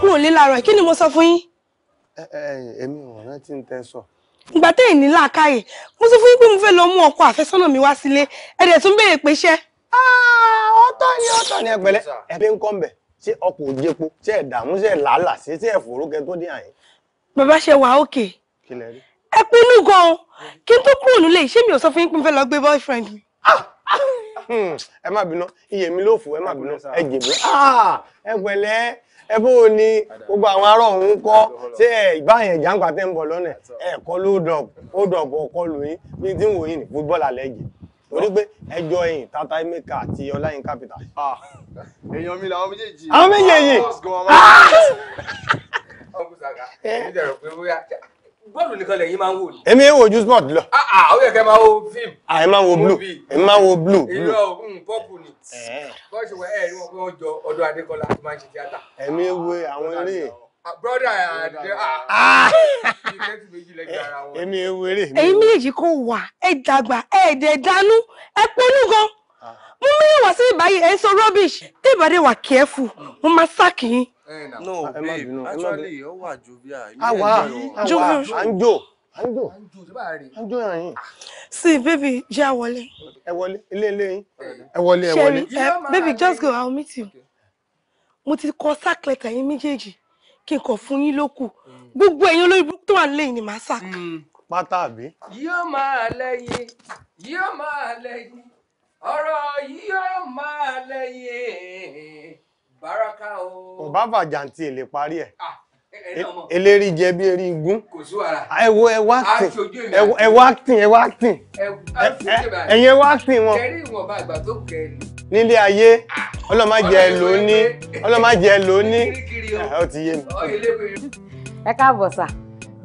kúrò nílé láàárọ̀ kí ni mo sọ fún yín. èmi ò rántí ń tẹ sọ. ìgbà tẹ́yìn ní làákàyè mo sọ fún yín pé mo lọ mú ọkọ àfẹ́sọ́nà mi wá sílé ẹ̀dẹ̀ tún béèrè pé iṣẹ́. Ah, Ọtọ ni Ọtọ ni ẹgbẹ̀lẹ́ ẹbí ń kọ́ ń bẹ̀ ṣé ọkọ̀ òjèpo ṣé ẹ̀dààmú si làálà ṣé ṣé ẹ̀fọ́rókẹ tó dé àyè. bàbá ṣe wà ókè ẹ pinnu gan-an kí n tó mi ò sọ fún yín pé lọ ah, ah, hmm. ẹ má bínú iye mi ló ẹ bó o ní gbogbo àwọn ará ọ̀hún kọ́ ṣé ẹ ìbáyẹn jàǹpà tẹ́ ń bọ̀ lọ́nà ẹ kọ́ hold up hold up ọkọ lóyún bí tí ń wò yín ní football àlẹ́jì torí pé ẹjọ́ ẹ̀yìn tata emeka àti ọláyin capital. Ah. èèyàn mi làwọn méjèèjì. àwọn méjèèjì bọ́ọ̀lù nìkan lẹ̀yin máa ń wò ní. èmi ń wo ju sport lọ. Ah, ah, ó yẹ kẹ́ máa wo film. àì ah, máa wo blue èmi máa wo blue. ìlú ọ̀hún pọ́pù ni. Eh. bọ́ọ̀ ṣe wọ ẹ̀ rí wọn pé wọ́n jọ ọ̀dọ̀ Adékọ́lá tó máa ń ṣe tíátà. èmi wo àwọn eré. brother àdé ìkẹ́tù méjì lẹ́gbẹ̀ẹ́ ara wọn. èmi wo eré. èyí méjèèjì kò wà ẹ dàgbà ẹ dẹ̀ dánú ẹ pẹ́nu gan-an. Mummy, mẹ́rin wá sí ìbáyìí ẹ̀ ń sọ rubbish Everybody was careful mo máa sáàkì yín. no babe actually ó wà jovial. àwa àwa àǹjọ àǹjọ àǹjọ yàn sí baby jẹ́ àwọlé. ẹ wọlé ilé ilé yín ẹ wọlé ẹ wọlé. Eh, baby just go i will meet you mo ti kọ sack letter yín méjèèjì kí n kọ fún yín lókù mm. gbogbo ẹ̀yin olórí burúkú tó wà lẹ́yìn ni màá sack. Mm. pátá àbí. yóò máa lẹ́yìn yóò máa lẹ́yìn ọ̀rọ̀ yìí yóò máa lẹ́yìn báraka o. kò bá fàjàǹtì èlé parí ẹ̀ ah, eléri jẹ bí erí igún ah, ẹ wo ẹ wá tìn ẹ wá tìn ẹ wá tìn ẹyin ẹ wá tìn wọn nílé ayé ọlọ́màjẹ ló ní ọlọ́màjẹ ló ní ó ti yé mi. ẹ káàbọ̀ sà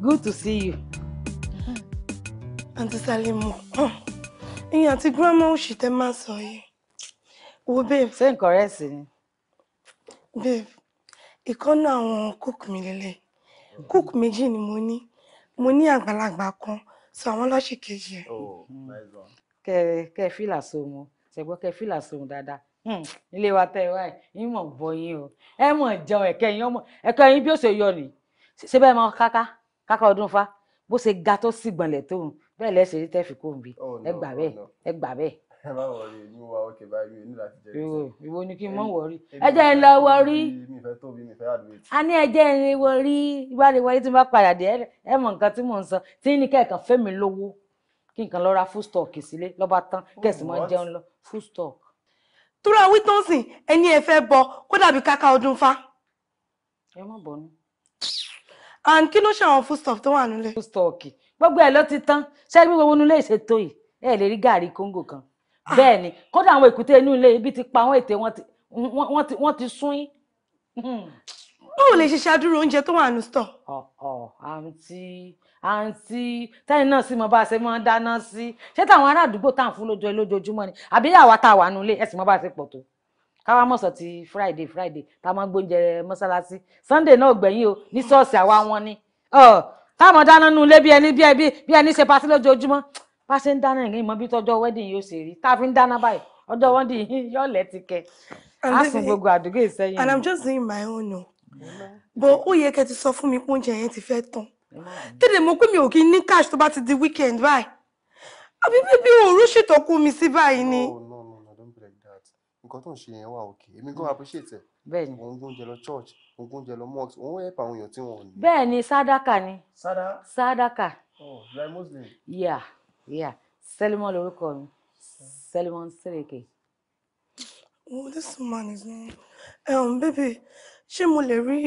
good to see you. aunty Salimu ẹ̀yin àti gírámà òṣì tẹ́ máa sọ yìí wo babe. ṣé nǹkan rẹ̀ sì ni. babe ìkọ́nà àwọn cook mi lélẹ̀ cook méjì ni mo ní mo ní àgbàlagbà kan sọ àwọn lọ́sì kejì ẹ̀. Oh, hmm. kẹ kẹ fìlà sóhun ṣẹgbọ́n kẹ fìlà sóhun dáadáa hmm. ilé wa tẹ wá yín mọ̀ bọ yín o ẹ mọ̀ jẹun ẹ̀kẹ́ yín ọmọ ẹ̀kẹ́ yín bí ó ṣe yọ ni ṣé bẹ́ẹ̀ mọ káká káká ọdún fa bó ṣe ga tó sì gbọ̀nlẹ̀ tóun bẹ́ẹ̀ lẹ́sẹ̀ rí tẹ́fì kò ń bi ẹ gbà bẹ́ẹ̀ ẹ gbà bẹ́ẹ̀. ẹ má wọrí èmi wa òkè báyìí èmi láti jẹ ìwọ ìwọ ni kí n mọ wọrí ẹ jẹ́ ń lọ wọrí mi fẹ́ tóbi mi fẹ́ àdúgbò. a ní ẹ jẹ́ ń wọrí ìbániwọlé tí n bá padà dé ẹ mọ nǹkan tí mò ń sọ tí ní kẹ̀kẹ́ fẹ́mi lówó kí nǹkan lọ ra food stock sílé lọ́ba tán kẹ̀sì mọ́ jẹun lọ food stock. tura wítóǹsì ẹni ẹ fẹ́ bọ kó dàbí káka ọdún fa. ẹ má bọ̀ ní. and kí ló ṣe àwọn food stock tó wà nílé. food stock gbogbo ẹ̀ ló ti tán sẹ́ni gbogbo inú ilé ìṣètò yìí ẹ̀ lè rí gàrí kóńgò kan ah. bẹ́ẹ̀ ni kódà àwọn èkúté inú ilé ibi ti pa àwọn ètè wọn ti sún yín. Hmm. báwo lè ṣe ṣàdúró oúnjẹ tó wà nù stọ. àǹtí àǹtí tẹ́yìn náà sì mọ bá a ṣe máa ń dáná sí ṣé táwọn ará àdúgbò tá à ń fún lójó lójoojúmọ́ ni àbí yàwá tá a wà nulẹ̀ ẹ̀ sì mọ bá a ṣe pọ̀ tó káwá mọ̀sán ti friday friday tá a máa ń gbóúnjẹ mọ́sálásí sunday náà gbẹ̀yìn o ní ṣọ́ọ̀ṣì àwa wọn ni táwọn dáná nu ilé bí ẹni bí ẹbí bí ẹni ṣe patí lójoojúmọ́ bá ṣe ń dáná yìí mọ bí tọjọ́ wedding yóò ṣe rí tá a fi ń dáná báyìí ọjọ́ wedding yìí yóò lẹ́tí kẹ á sùn gbogbo àdúgbò ìsẹ́yìn. and i'm just doing my own o bó ó yẹ kẹ́ ti sọ fún mi pé oúnjẹ yẹn ti fẹ́ tán tẹ́lẹ̀ mo pé mi ò kí ní cash tó bá ti di weekend báyìí àbí bíbí òru ṣètò kú mi sí báyìí ni. no no no don't break that nǹkan tó ń ṣe yẹn wà òkè èmi gan appreciate ẹ bẹ́ẹ̀ni òun gbóúnjẹ lọ church ogún jẹ lọ mọ́ọ̀sì òun help àwọn èèyàn tí wọ́n ní. bẹ́ẹ̀ ni sádàkà ni. sádà. sádàkà. oh you are muslim. yeah yeah Selimon lorúkọ mi Selimon Sereke. oh this man is me um, baby ṣé mo lè rí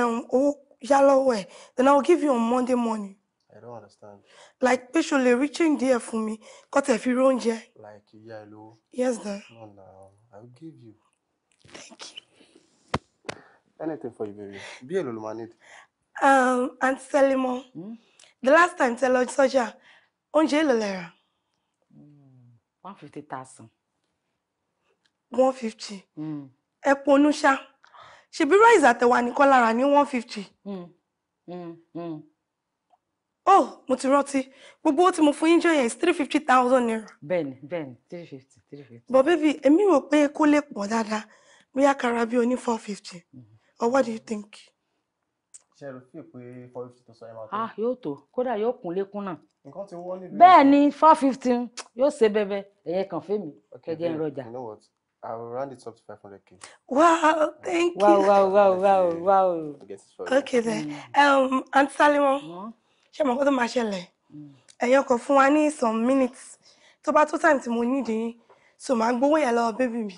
um, owó yá lọ́wọ́ ẹ̀ then i will give you on monday morning. I don't understand. Like, pé ṣo lè rí change díẹ̀ fún mi, kó tẹ̀ fi róúnjẹ. Like, ìyá ẹ lówó. Yes, sir. No, no, I will give you. Thank you. Anything for you, baby. Be a little man. Um, Aunt Selimo, hmm? the last time tell Lord Soja, oúnjẹ èlò lẹ hmm, One fifty thousand. One fifty. Hmm. Ẹ ponú ṣá. Ṣèbí rice àtẹ̀wà nìkan lára ní one fifty. Hmm, oh, mo we bought him for tí mo fún is three fifty thousand naira. Ben, Ben, three fifty, three fifty. But baby, èmi rò pé kó lè pọ̀ dáadáa, bóyá kára bí o four fifty. Mm -hmm or what do you think? ah yóò tó kódà yóò kún lékún náà. nǹkan ti wọ́n nílùú. bẹ́ẹ̀ ni four fifty yóò ṣe bẹ́bẹ́ ẹ̀yẹ kan fẹ́mi kẹjẹ ń you know what i will round it up to five hundred k. wow thank you. wow wow wow wow wow. okay then hmm. um, aunt Salimon ṣe mọ̀ kó tó máa ṣẹlẹ̀ hmm. ẹ̀yin ọkọ̀ fún wa ní some minutes tó bá tó time tí mo nídìí so màá gbowó yẹn lọ bébì mi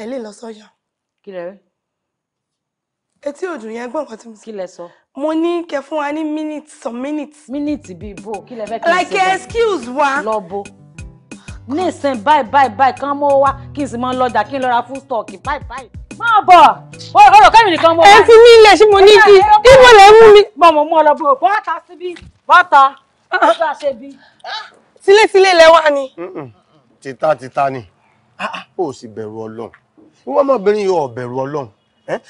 ẹ̀ lè lọ sọ́jà. kí lẹ rí etí òdùn yẹn gbọ́n nǹkan tí mo sọ. kí lẹ sọ. mo ní kẹ fún wa ní minutes some minutes. minutes bíi bò kí lẹ fẹ́ kí n ṣe. like excuse wa. lọ bo nísìn báyìí báyìí báyìí kán mọ́ wá kí n sì máa lọ́jà kí n lọ́ra fún stọọkì báyìí báyìí máa bọ̀ ọ̀rọ̀ kẹ́mi nìkan mọ́ wá. ẹ fi mí ilẹ̀ ṣé mo ní kí ibo lè mú mi. mo mọ̀ mọ́ lọ bọ̀ bọ́ta síbí bọ́ta bọ́ta ah, ah. ṣe bí. tilétilé lẹ wá ni. tita tita ni ah, ó sì bẹ̀rù ọlọ́run ìwọ́n ọmọbìnrin yóò bẹ̀rù ọlọ́run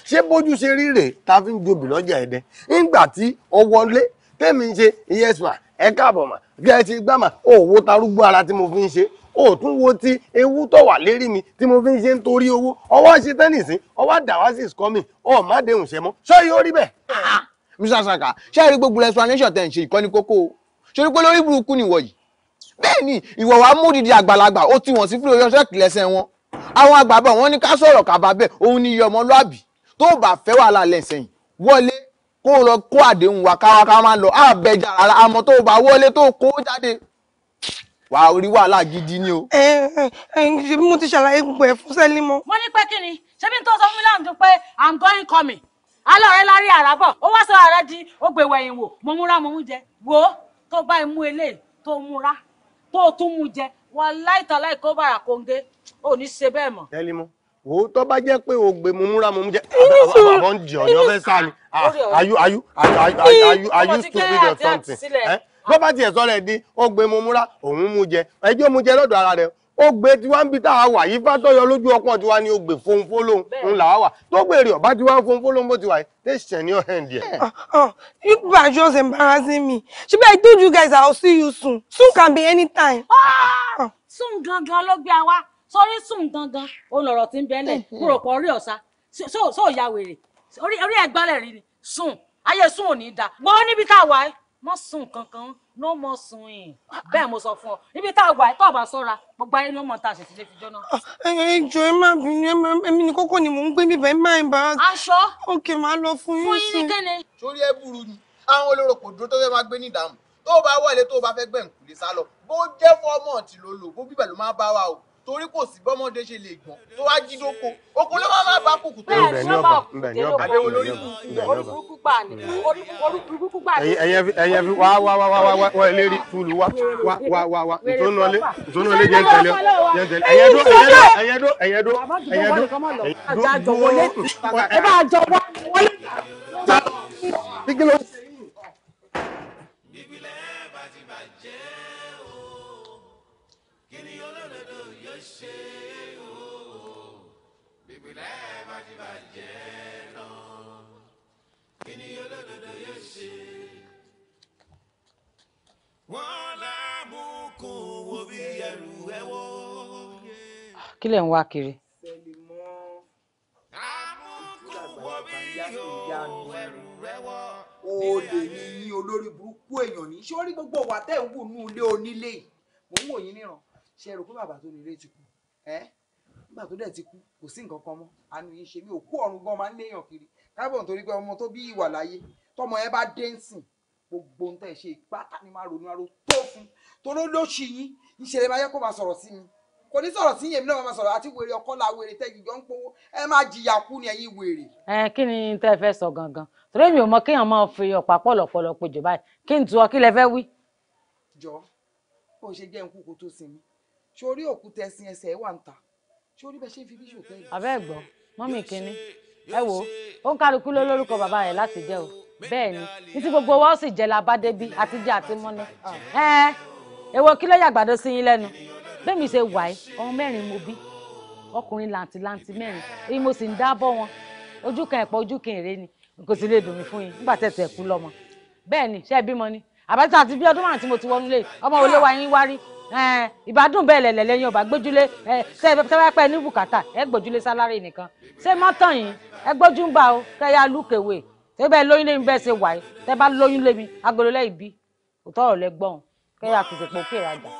ṣé bójú ṣe rí rèé ta fi ń jobi lọ́jà ẹ̀dẹ́ nígbà tí ọ wọlé tẹ́mi ń ṣe yes ma ẹ káàbọ̀ mà gẹ̀ẹ́sì gbàmà òwò tarúgbó ara tí mo fi ń ṣe ó tún wo ti ewu tó wà lérí mi tí mo fi ń ṣe ń torí owó ọwọ́ ṣe tẹ́nìsì ọwọ́ dàwásì kọ́mì ọ̀ má dẹ̀hùn ṣẹ́ mọ́ ṣọ́ yóò rí bẹ́ẹ̀. Ah, Mr. Saka ṣé ẹ rí gbogbo explanation tẹ̀ ń ṣe ìkọ́ni kókó o ṣe pé lórí burúkú nìwọ yìí bẹ́ẹ̀ ni ìwọ wa mú didi àgbàlagbà ó ti wọ̀n sí fúlẹ̀ ọjọ́ wọn àwọn àgbàbọ̀ wọn ní ká sọ̀rọ̀ kàbá bẹ́ẹ̀ òun ni iye ọmọlúàbí tó bá fẹ́ wàhálà lẹ́sẹ̀yìn wọlé kó lọ kó àdéhùn wa káwa máa lọ àbẹ̀jà rárá àmọ́ tó bá wọlé tó kó jáde wà á rí wàhálà gidi ni o. ẹ ẹ mo ti ṣàlàyé gbogbo ẹ fún Sẹ́límọ́. mo ní pé kí ni ṣé bí n tó sọ fún mi láǹdùn pé i'm going coming alọ́rẹ́ lárí àràbọ̀ ó wá sọ ààrẹ di ògbèwọ̀ ẹ̀yìn wò mo múra mo mú jẹ wo tó bá mú eléyìí tó múra tó tún mú jẹ wà láìtọ́ láì kóńgé ò ní ṣe bẹ́ẹ̀ mọ́. tẹ́lí mọ́ wò ó tọ́ bá jẹ́ o gbé mu múra mu jẹ́ àbọ̀ ń jẹ ọ̀yọ́ fẹ́ sá ni ayu ayu ayu ayu stupid or something Eh? bá tiẹ̀ sọ́rọ̀ ẹ̀ di ó gbé mu múra òun mu jẹ ẹjọ́ mu jẹ lọ́dọ̀ ara rẹ̀ ó gbé tiwa ń bi tá a wà yìí bá tọ́yọ lójú ọpọ́n tiwa ni ó gbé fohun fólóhùn ń là á wà tó gbèrè ọ̀bá tiwa fohun fólóhùn bó ti wà yìí tẹ̀sán ní ọ̀hẹ́ ǹdí ẹ̀. you people are just embarrassing me ṣùgbọ́n I told you guys I will see you soon soon can be anytime. Ah! Ah. soon gangan ló gbé a wá sórí sùn gangan òun lọ̀rọ̀ tí ń bẹ́lẹ̀ mo rò pọ̀ orí ọ̀sá sóò ya wèrè orí ẹ̀gbọ́lẹ̀ rí ni sùn ayé sùn ò ní da gbọ́ níbi tá a wà ẹ́ mọ́ sùn kankan ló mọ́ sùn yìí bẹ́ẹ̀ mo sọ fún ọ níbi tá a wà ẹ́ tó àbá sọ́ra gbogbo ayé ló mọ̀ tá a ṣèṣì lè fi jọ́nà. Ah, ẹ jọ ẹ má bínú ẹ má èmi ní kókó ni mò ń gbé bíbẹ ẹ má ẹ bá. aṣọ òkè máa lọ fún yín sí. fún yín ní kéne. ẹ burú ni àwọn olóró dúró tó fẹ́ máa gbé ní ìdààmú tó bá wọlé tó bá fẹ́ gbẹ̀ǹkùlé sálọ bó jẹ́ fọ́mọ̀ọ̀tì ló lò bó bíbẹ̀ ló má bá wa o torí kò sí bọ́mọdé ṣe lè gbọ́n tó wá jí dóko oko ló máa bá kùkù tó. bẹ́ẹ̀ ní ọba bẹ́ẹ̀ ní ọba bẹ́ẹ̀ ní ọba orí burúkú gbà ní orí burúkú gbà ní. ẹyẹ fi wá wá wá wá wá wá lérí tulu wá wá wá wá wá ntònúọlé ntònúọlé jẹ ntẹlẹ jẹ ntẹlẹ ẹyẹ dó ẹyẹ dó ẹyẹ dó ẹyẹ dó ẹyẹ dó dó ẹ bá jọ wọlé. wọ́n ń wá kiri. olè ni yín olórí burúkú èèyàn ní ṣé ó rí gbogbo wà tẹ́ ń wù nú ilé onílé mò ń wò yín níran ṣe rò pé bàbá tó nílé ti kú ẹ́ nígbà tó dẹ̀ ti kú kò sí nǹkan kan mọ́ àánú yín ṣe mí òkú ọ̀run gan máa ń léèyàn kiri kábọ̀ nítorí pé ọmọ tó bí ìwà láyé tọmọ ẹ bá dé ń sìn gbogbo ohun tẹ́ ẹ ṣe ìpátá ni máa ronú aró tó fún toró lóṣì yín ìṣẹ̀lẹ̀ máa yẹ kó máa sọ̀rọ̀ sí mi kò ní sọ̀rọ̀ sí yèmí náà máa sọ̀rọ̀ àti wèrè ọkọ la wèrè tẹ́ ìjọ ń powó ẹ máa jìyà kú ni ẹ̀yin wèrè. ẹ kí ni tẹ́ ẹ fẹ́ sọ gangan torí mi ò mọ kéèyàn máa fi ọ̀pá pọ̀lọpọ̀lọ pejò báyìí kí n tu ọ kí lẹ fẹ́ wí. jọ bó ṣe jẹ́ nkú kó tó sinmi sórí òkúta ẹsìn ẹsẹ̀ ẹ wà ń ta sórí bẹ́ẹ̀ ṣe ń fi bí ṣòtẹ́ẹ̀lì. àbẹ́ ẹ̀gbọ́n mọ́mì kínní ẹ wo ó ń kálukú lórúkọ bàbá rẹ̀ láti jẹ́ o bẹ́ẹ̀ ni títí gbogbo wa ó sì jẹ́ labádébí àtijọ́ àti mọ́nà ẹ̀ èwo kí ló yàgbàdo sí yín lẹ́nu bẹ́ẹ̀ mi ṣe wà ẹ́ ọmọ mẹ́rin mo bí ọkùnrin làǹtìlanti mẹ́rin èyí mo sì ń dábọ̀ wọn ojú kan ẹ̀pọ̀ ojú kan èrè ni kò sì lè dùn mí fún yín nígbà tẹ̀sẹ̀ kú lọ́mọ bẹ́ẹ̀ ni ṣé ẹ bímọ ni àbájá àti bí ọdún márùn tí mo ti wọnú lé ọmọ olé wa yín wárí ìbádùn bẹ́ẹ̀ lẹ̀lẹ̀ lẹ́yìn ọba gbójúlé ṣe ẹ fẹ́ pẹ́ ní bùkátà ẹ gbójúlé sálárì nìkan ṣé mọ́tàn yín ẹ gbójú ń bá o kẹ́yà lùkèwé tẹ́ bẹ́ẹ̀ lóyún lé mi bẹ́ẹ̀ ṣe wà yìí tẹ́ bá lóyún lé mi agolo lẹ́yìn bí òótọ́ ọ̀rọ̀ lẹ gbọ́n kẹ́yà kìsì pé òkè ìrajà.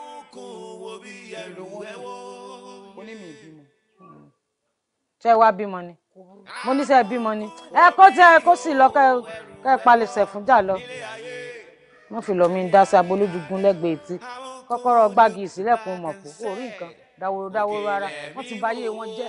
ṣé ẹ wá bímọ ni mo ní sẹ bímọ ni ẹ kó tẹ ẹ kó sì lọ kẹ ẹ palẹ̀sẹ̀ fún jà lọ mo fi lọ mi ń dá sí abolójúgun lẹ́gbẹ̀ẹ́ etí kọ́kọ́rọ́ gbági ìsílẹ̀kùn mọ̀ kó kó rí nǹkan dáwòrò dáwòrò ara wọ́n ti báyé wọn jẹ́.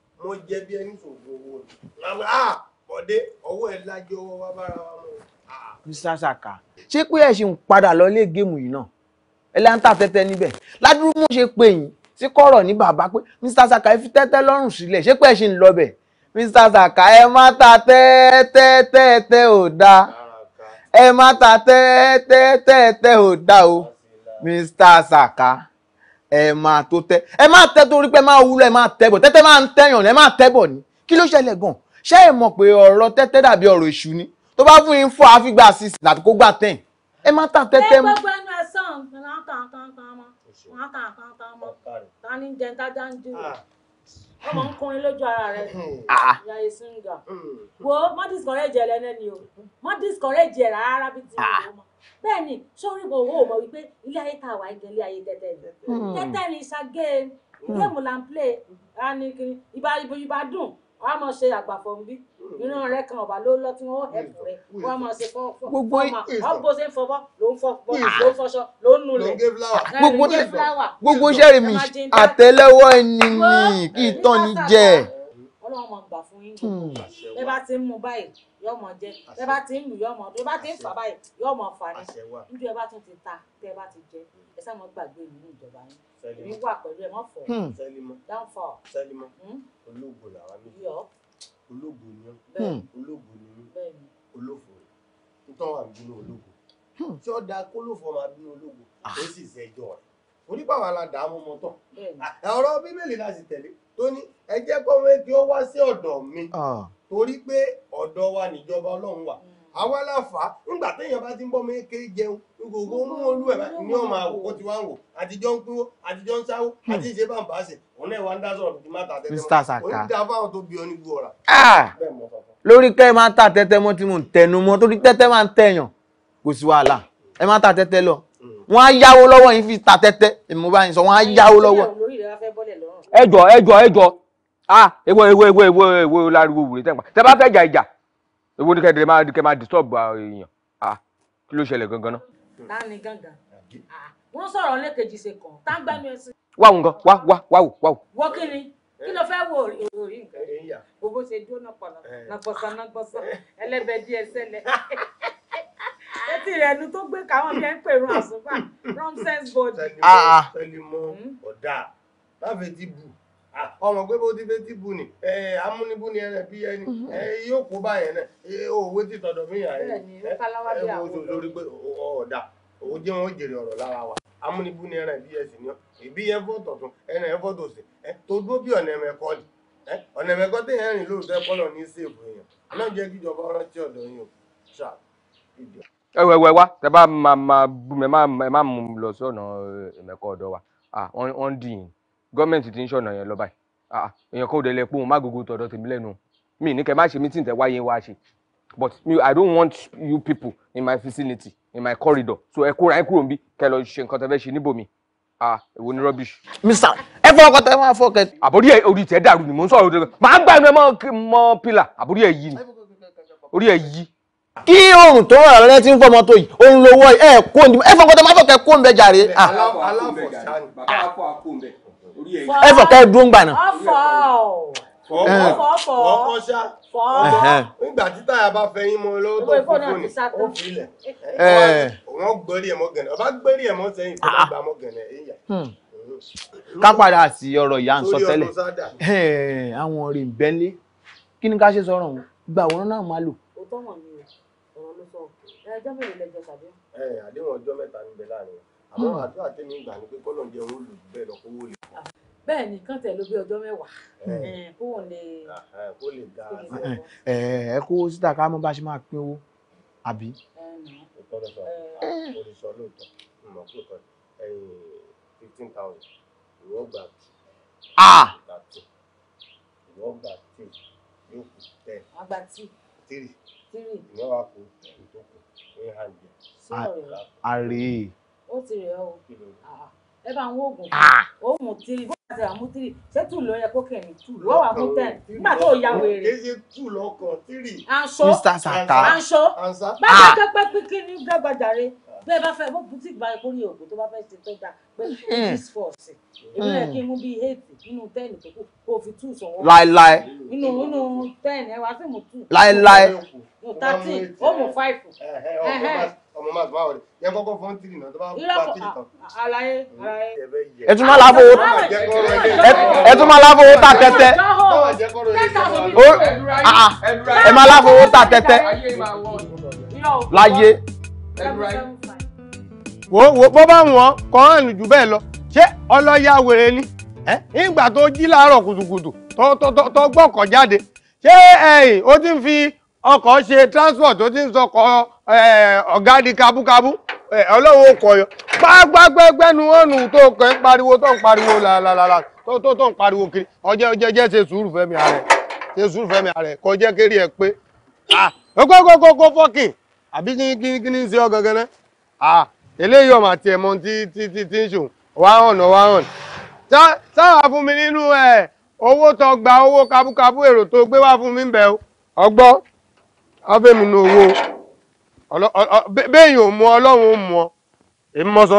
mo jẹ bí ẹni fòògùn owó ni àwọn ah bọ̀dé ọwọ́ ẹ̀ lájọ ọwọ́ wa bára wa mọ́. Ah. Mr. Saka ṣé pé ẹ ṣe ń padà lọ ilé géèmù yìí náà ẹ lẹ́ ń tà tẹ́tẹ́ níbẹ̀ ládùúgbò mo ṣe pé yín sí kọ̀rọ̀ ní bàbá pé Mr. Saka ẹ fi tẹ́tẹ́ lọ́rùn sílẹ̀ ṣé pé ẹ ṣe ń lọ bẹ̀ Mr. Saka ẹ má ta tẹ́tẹ́tẹ́tẹ́ ò dáa ẹ má ta tẹ́tẹ́tẹ́tẹ́ ò dáa o Mr. Saka ẹ máa tó tẹ́ ẹ máa tẹ́ torí pé ẹ máa wúlò ẹ máa tẹ́ bọ̀ tẹ́tẹ́ máa ń tẹ́yàn ẹ máa tẹ́ bọ̀ ni kí ló ṣẹlẹ̀ gan ṣé ẹ mọ̀ pé ọ̀rọ̀ tẹ́tẹ́ dàbí ọ̀rọ̀ èṣù ni tó bá fún yín fọ́ àfígbà six láti kó gbà ten ẹ máa tà tẹ́tẹ́ mọ́. ẹ gbọ́dọ̀ ẹnu ẹ̀sán ọ̀nà kan kan kan mọ́ ọ̀nà kan kan kan mọ́ tani jẹ tájà ń dúró ọmọ ń kọrin lójú ara rẹ ìyá yesu ń ga wo má discourage ẹ lẹ́nẹ́ ni o má discourage ẹ rárá bí ti ń wọ́n mọ́ bẹ́ẹ̀ ni sórí gbogbo ò mọ̀ wípé ilé ayé tá a wà ìgbẹ́ ilé ayé tẹ́tẹ́ ni hmm. tẹ́tẹ́ ni ṣàgé géèmù hmm. là ń play ànìkiri ìbá ibo ìbá dùn wọ́n á máa ṣe àgbàfọ̀ nbí inú hmm. rẹ kan ọ̀bà ló lọ tí wọ́n hẹ̀pù rẹ wọ́n á máa ṣe fọ́ fọ́ ọ̀bọ ṣe ń fọwọ́ ló ń fọwọ́ ló ń fọṣọ ló ń nulẹ̀ gbogbo ṣẹ́rìmì àtẹ́lẹwọ́ ẹni nì kí ìtàn ni jẹ́ ọlọ́run mọ̀ gbà fún yín gbogbo hmm. bẹ́ẹ̀ bá ti ń mu báyìí yóò mọ̀ jẹ bẹ́ẹ̀ bá ti ń lù yóò mọ̀ bẹ́ẹ̀ bá ti ń fà báyìí yóò mọ̀ fà ní níbi ẹ bá tún ti ta tẹ́ ẹ bá ti jẹ ẹ sáà mọ̀ gbàgbé ìlú ìjọba yín èmi wà pẹ̀lú ẹ mọ̀ fọ̀ hmm. dáńfọ̀ hmm? ológo làwa méjì ológo ni ológo ni olófò nítorí wà ń bínú ológo tí ó dáa ah. ó sì ṣẹjọ onípàwọ̀ aládà amúmọ tán ọ̀rọ̀ bíbélì la sì tẹ̀lé tó ní ẹ jẹ́ kọ́mọ kí ó wá sí ọ̀dọ̀ mi torí pé ọ̀dọ̀ wa níjọba ọlọ́run wà hmm. àwa láfa ńgbà téèyàn bá ti ń bọ́ méke jẹun gbogbo mú olú ẹ̀ ní ọmọ àwòkó ti wá ń wò àtijọ́ ń kúrò àtijọ́ ń sáwó àti ìṣe bá ń bá ṣe òun náà wà ń dá sọ̀rọ̀ kìí má ta tẹ́tẹ́ mọ́ òun dá fáwọn tó lórí kẹ́ ẹ máa ta tẹ́tẹ́ mọ́ tí mò ń tẹnu mọ́ torí tẹ́tẹ́ máa ń tẹ̀yàn kò sí wàhálà ẹ máa ta tẹ́tẹ́ lọ wọ́n á yáwó lọ́wọ́ yín fi ta tẹ́tẹ́ èmi bá yín sọ wọ́n á yáwó lọ́wọ́. ẹjọ ẹjọ ẹjọ ah ewo ewo ewo ewo ewo lariwo wòle tẹ́ ń pa tẹ́ bá fẹ́ jà ìjà ewo ni kẹ́kẹ́ máa kẹ́ máa disturb èèyàn ah kí ló ṣẹlẹ̀ gangan náà. ta ni gangan ah, wọ́n sọ̀rọ̀ lẹ́kẹ̀jì ṣe kàn tá ń gbánu ẹsìn. wá òun gan wá wá wá wò wá wò. wọ́n kí ni kí ló fẹ́ wo orí nǹkan gbogbo ṣe dúró náà pọ̀ náà gbọ̀sán náà gbọ̀sán ẹlẹ́bẹ̀ẹ́ díẹ̀ sẹ́lẹ̀. etí rẹ̀ ẹnu tó gbé káwọn fi ń pèrún àsùnfà tẹnumọ ọdà láfẹ ọmọ pé bó ti ni amúnibù ni ẹnẹ bí ẹni hmm. yóò kó báyẹn náà òwe ti mí ẹ ẹ wo lórí pé wọn jèrè lára wa amúnibù ni ẹnẹ bí ẹsìn ìbí yẹn ẹnẹ yẹn tó dúró bí ọ̀nà ni ọ̀nà tẹ̀ lóòótọ́ ẹ̀kọ́ ní èèyàn jẹ́ kíjọba ọ̀rọ̀ tí ọ̀dọ̀ ẹwẹ ẹwẹ wa tẹ bá máa máa bú mi ẹ má mú lọ sọ́nà eh, ìmẹ̀kọ ọ̀dọ̀ wa wọ́n dì yín gọ́ọ̀mẹ̀ntì ti ń sọ̀nà yẹn lọ báyìí èèyàn kò délé pé òun má gógó tọ̀dọ̀ tèmi lẹ́nu mi ní kẹ́ má ṣe mítìn tẹ wáyé wá ṣe but I don't want you people in my facility, in my corridor so ẹ kóra ẹ kúrò níbí kẹ́ lọ ṣe nǹkan tẹ́ fẹ́ ṣe níbòmí ah ni rubbish. mr ẹ fọwọ́ kọtẹ máa fọ kẹ. àbórí ẹ orí tẹ dàrú ni mò ń sọ̀rọ̀ òde máa gbà mí mọ́ pílà àbórí ẹ yí ni orí ẹ yí kí oòrùn tó rà lẹ́tí ń fọmọ tó yìí òun lówó ah. ẹ̀ kó ẹ fọkọtẹ má fọkẹ kó ń bẹ jàre. ẹ fọkẹ dúró ń gbà náà. ọfọ ọfọ ọfọ nígbà tí táyà bá fẹ́ yín mọ́ lọ́wọ́ tó fún fún ni ó fi ilẹ̀ eh. wọ́n gbẹ́rì ẹ̀mọ́ gẹ̀nẹ̀ ọba gbẹ́rì ẹ̀mọ́ sẹ́yìn fún ọgbà ah. mọ́ gẹ̀nẹ̀ èyà hmm. ká padà sí ọ̀rọ̀ ìyá ń sọ tẹ́lẹ̀ eh, àwọn rìn bẹ́lẹ̀ kí ni ká ṣe sọ̀rọ̀ wọn gbà wọn náà má lò ẹjọ́ mélòó lẹ́jọ́ tàbí. ẹ àdéhùn ọjọ́ mẹ́ta ń bẹ láàrin àmọ́ hmm. àdúrà tèmi gbà ni pé kọ́lọ̀ jẹ́ owó lù bẹ́ẹ̀ lọ kówó lè ah, bẹ́ẹ̀ ni kán tẹ̀ ló bí ọjọ́ mẹ́wàá kó wọ́n lè. ẹ kó síta ká mọ bá àbí. àgbà tì. tírì. tírì. ìwọ́n wà kù tó kù àrè. ó ti rẹ̀ ọ́ ẹ bá ń wọ́ọ̀gùn ṣe àmú tírì ṣé tù ló yẹ kó kẹ̀mí wọ́n wà mú tẹ̀ nígbà tó ya wèrè. kì í ṣe tù lọkọ tírì. anṣo anṣo báyọ̀ kẹ́pẹ́ ah. pínpín ní gbàgbàjàre bẹ́ẹ̀ bá fẹ́ bó boutique bá epo ní òògùn tó bá fẹ́ ṣe tó dáa pé hmm. six force èmi rẹ̀ kí n mú bíi eight nínú ten tó kù kó o fi two sọ̀wọ́. láéláé nínú nínú ten ẹ wá sí mu two. láéláé. mo thirteen ó mu five ọmọ máa bá ọ̀rẹ́ yẹn kọ́kọ́ fún tìrì náà tó bá bá tìrì tán. àlàyé àlàyé. ẹ tún tẹ́tẹ́ ẹ máa láfo owó tẹ́tẹ́ láyé wo wo bó bá wọn kọ́ hàn jù bẹ́ẹ̀ lọ ṣé ọlọ́yà wèrè ni nígbà tó jí láàárọ̀ kùtùkùtù tó gbọ́kọ̀ jáde ṣé ẹ̀yìn ó ti ń fi ọkọ̀ ṣe transport tó ti ń sọkọ̀ ọ̀gá di kábúkábú ọlọ́wọ́ kọ̀yọ̀ gbágbágbẹ́gbẹ́ nu ọ̀nù tó pariwo tó ń pariwo làlàlà tó tó tó ń pariwo kiri ọjẹ́ ọjẹ́ jẹ́ ṣe sùúrù fẹ́mi ààrẹ ṣe sùúrù fẹ́mi ààrẹ jẹ́ kéré ẹ pé àbí ṣe ọ náà eléyìí ọmọ àti ń mi nínú owó tó gba owó èrò tó gbé abẹ́mi ní owó bẹ́yìn mú ọlọ́run mú ọ mọ́ sọ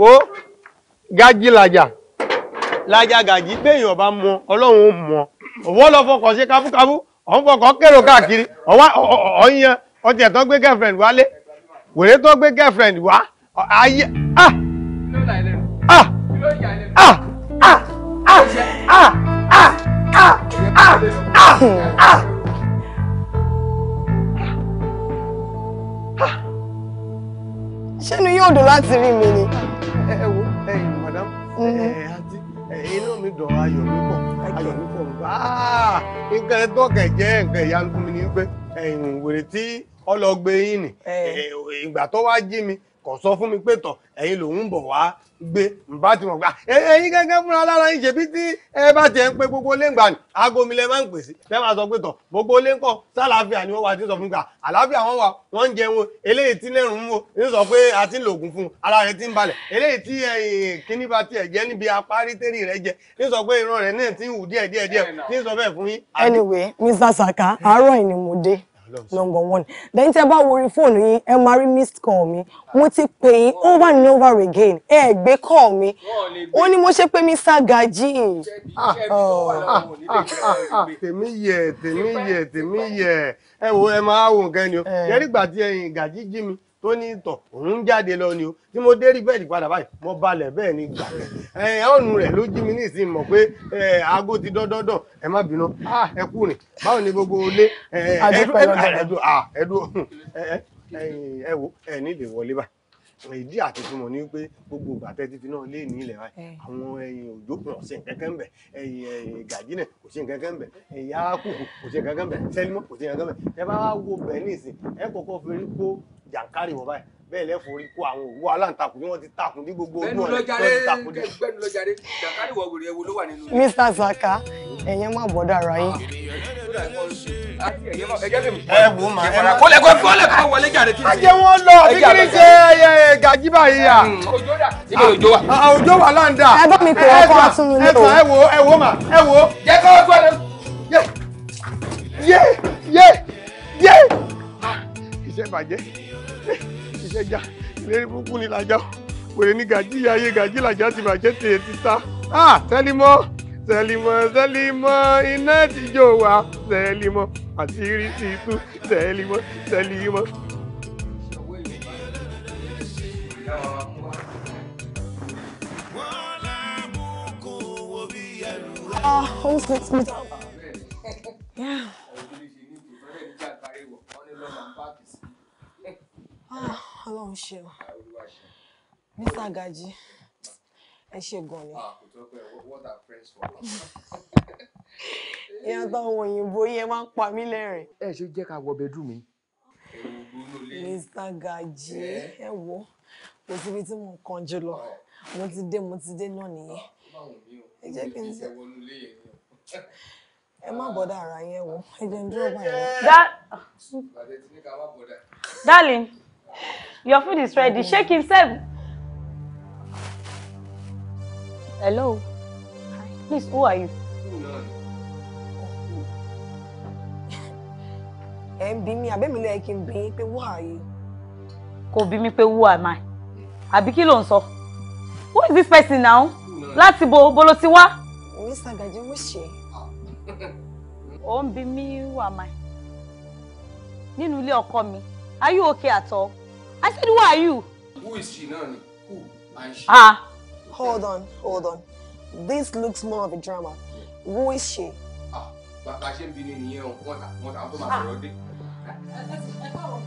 wo gájí lájà lájà gàjí ọba mú ọ ọlọ́run ọ lọ sí kérò káàkiri ọ̀yàn ọtí gbé girlfriend wèrè girlfriend wá ayé ah ah ah ṣé inú yóò dùn láti rí mi ni. ẹ wo ẹ madam ẹ mhm. àti inú mi dùn ayọ̀ mi pọ̀ ayọ̀ mi pọ̀ nípa ah, nǹkan ẹ tọ́kẹ̀ jẹ́ nǹkan ìyanu fún mi ni pé wèrè tí ọlọgbẹ yín ni eh. Eh, ìgbà tó wá jí mi kò sọ fún mi pé tọ̀ ẹ̀yin lòun bọ̀ wá gbé nbá ti mọ̀ gbà ah, ẹ̀yin gẹ́gẹ́ fúnra lára yín ṣèbí tí ẹ bá tiẹ̀ ń pe gbogbo léǹgbà ni aago mi lẹ máa ń pèsè tẹ́ máa sọ pé tọ̀ gbogbo léǹkọ̀ sálàáfíà ni wọ́n wà tí ń sọ fún gbà ah, àlàáfíà wọn wà wọ́n ń jẹ wọn eléyìí tí lẹ́rùn ń wò sọ pé a ti ń lògùn fún un ara rẹ̀ ti ń balẹ̀ eléyìí tí kíní bá tiẹ̀ jẹ́ níbi apárí tẹ́rì rẹ̀ jẹ ń sọ pé irun rẹ̀ náà ti ń hù díẹ̀díẹ̀díẹ̀ ń sọ bẹ́ẹ̀ fún yín. anyway Mr. Saka àárọ̀ ìnìmọ̀dé number one then tẹ́ bá wo phone fóònù yín ẹ máa missed call mi mo ti pè over and over again ẹ ẹ call mi ó ní mo ṣe pé Mr. Gaji. Ah, ah, ah, tèmi yẹ tèmi yẹ tèmi yẹ ẹ wo ẹ máa wo nǹkan ni o eh. yẹrí gbà tí ẹyin Gaji jí mi. tó ní tọ̀ òun jáde lọ ni o tí mo dé rí bẹ́ẹ̀dì padà báyìí mo balẹ̀ bẹ́ẹ̀ ni gbàgbẹ́ ẹ̀ ọ̀nù rẹ̀ ló jí mi ní mọ̀ pé aago ti dọ́dọ́dọ̀ ẹ má bínú ẹ kú rìn báwo ni gbogbo ilé ẹ ẹ ní wọlé ìdí àti gbogbo ìgbà fi náà lé ní ilẹ̀ àwọn òjò ń bẹ̀ kò sí ń bẹ̀ wo ẹ jàǹkárì wọ̀ báyìí bẹ́ẹ̀ lẹ́fọ̀ orí kó àwọn òwú aláǹtakùn bí wọ́n ti takùn ní gbogbo ojú ọ̀nà tó ti takùn dé. bẹ́ẹ̀ ni ló jáde jàǹkárì wọ̀ wèrè ewu ló wà nínú. Mr. Saka ẹ̀yẹ́ má bọ̀ dára yín. Ah. ẹ wọn lọ bí kí gàjí báyìí à. Hmm, òjò wà. Ah, ah, òjò wà láǹdà. ẹ mi pè é kọ́ àtúnú ní ẹ wò ẹ wò ma ẹ wò. jẹ́ kọ́ gbọ́dọ̀ yé yé yé yé. ìṣèbàjẹ́ jẹjà ìlérí burúkú ni làjà wèrè ní gàjí ayé gàjí làjà ti bàjẹ́ tèè ti ta sẹ́límọ́ sẹ́límọ́ sẹ́límọ́ iná ti jó wa sẹ́límọ́ àṣírí ti tú sẹ́límọ́ sẹ́límọ́. Ah, always makes me Yeah. Oh, Ọlọ́run ṣe o Mr. Gaji ẹ ṣe gan ni. ìyá ah, táwọn òyìnbó yẹn máa ń pa mí lẹ́rìn. ẹ ṣe jẹ́ ká wọ bedroom mi. Mr. Gaji eh? ẹ wo kò síbi tí mo kàn jù lọ oh. mo ti dé mo ti dé náà nìyẹn ah, ẹ jẹ́ kí n sọ ẹ má bọ́dà ara yẹn wo ẹ jẹ́ ń dúró báyìí. darling. Your food is ready. Mm-hmm. Shake himself. Hello. Hi. Please, who are you? Ẹ ń bí mi, àbẹ́mi lẹ́yìn kí n bí yín pé who are you? Kò bí mi pé who am I? Àbí kí ló ń sọ? Who is this person now? Láti bo bolo ti wá? Mr. Gaji, who is Ó ń bí mi who am I? Nínú ilé ọkọ mi, are you okay at all? I said, who are you? Who is she, Nani? Who? And she? Ah. Hold on, hold on. This looks more of a drama. Yeah. Who is she? Ah, but I shouldn't be in here. What? What? I'm talking about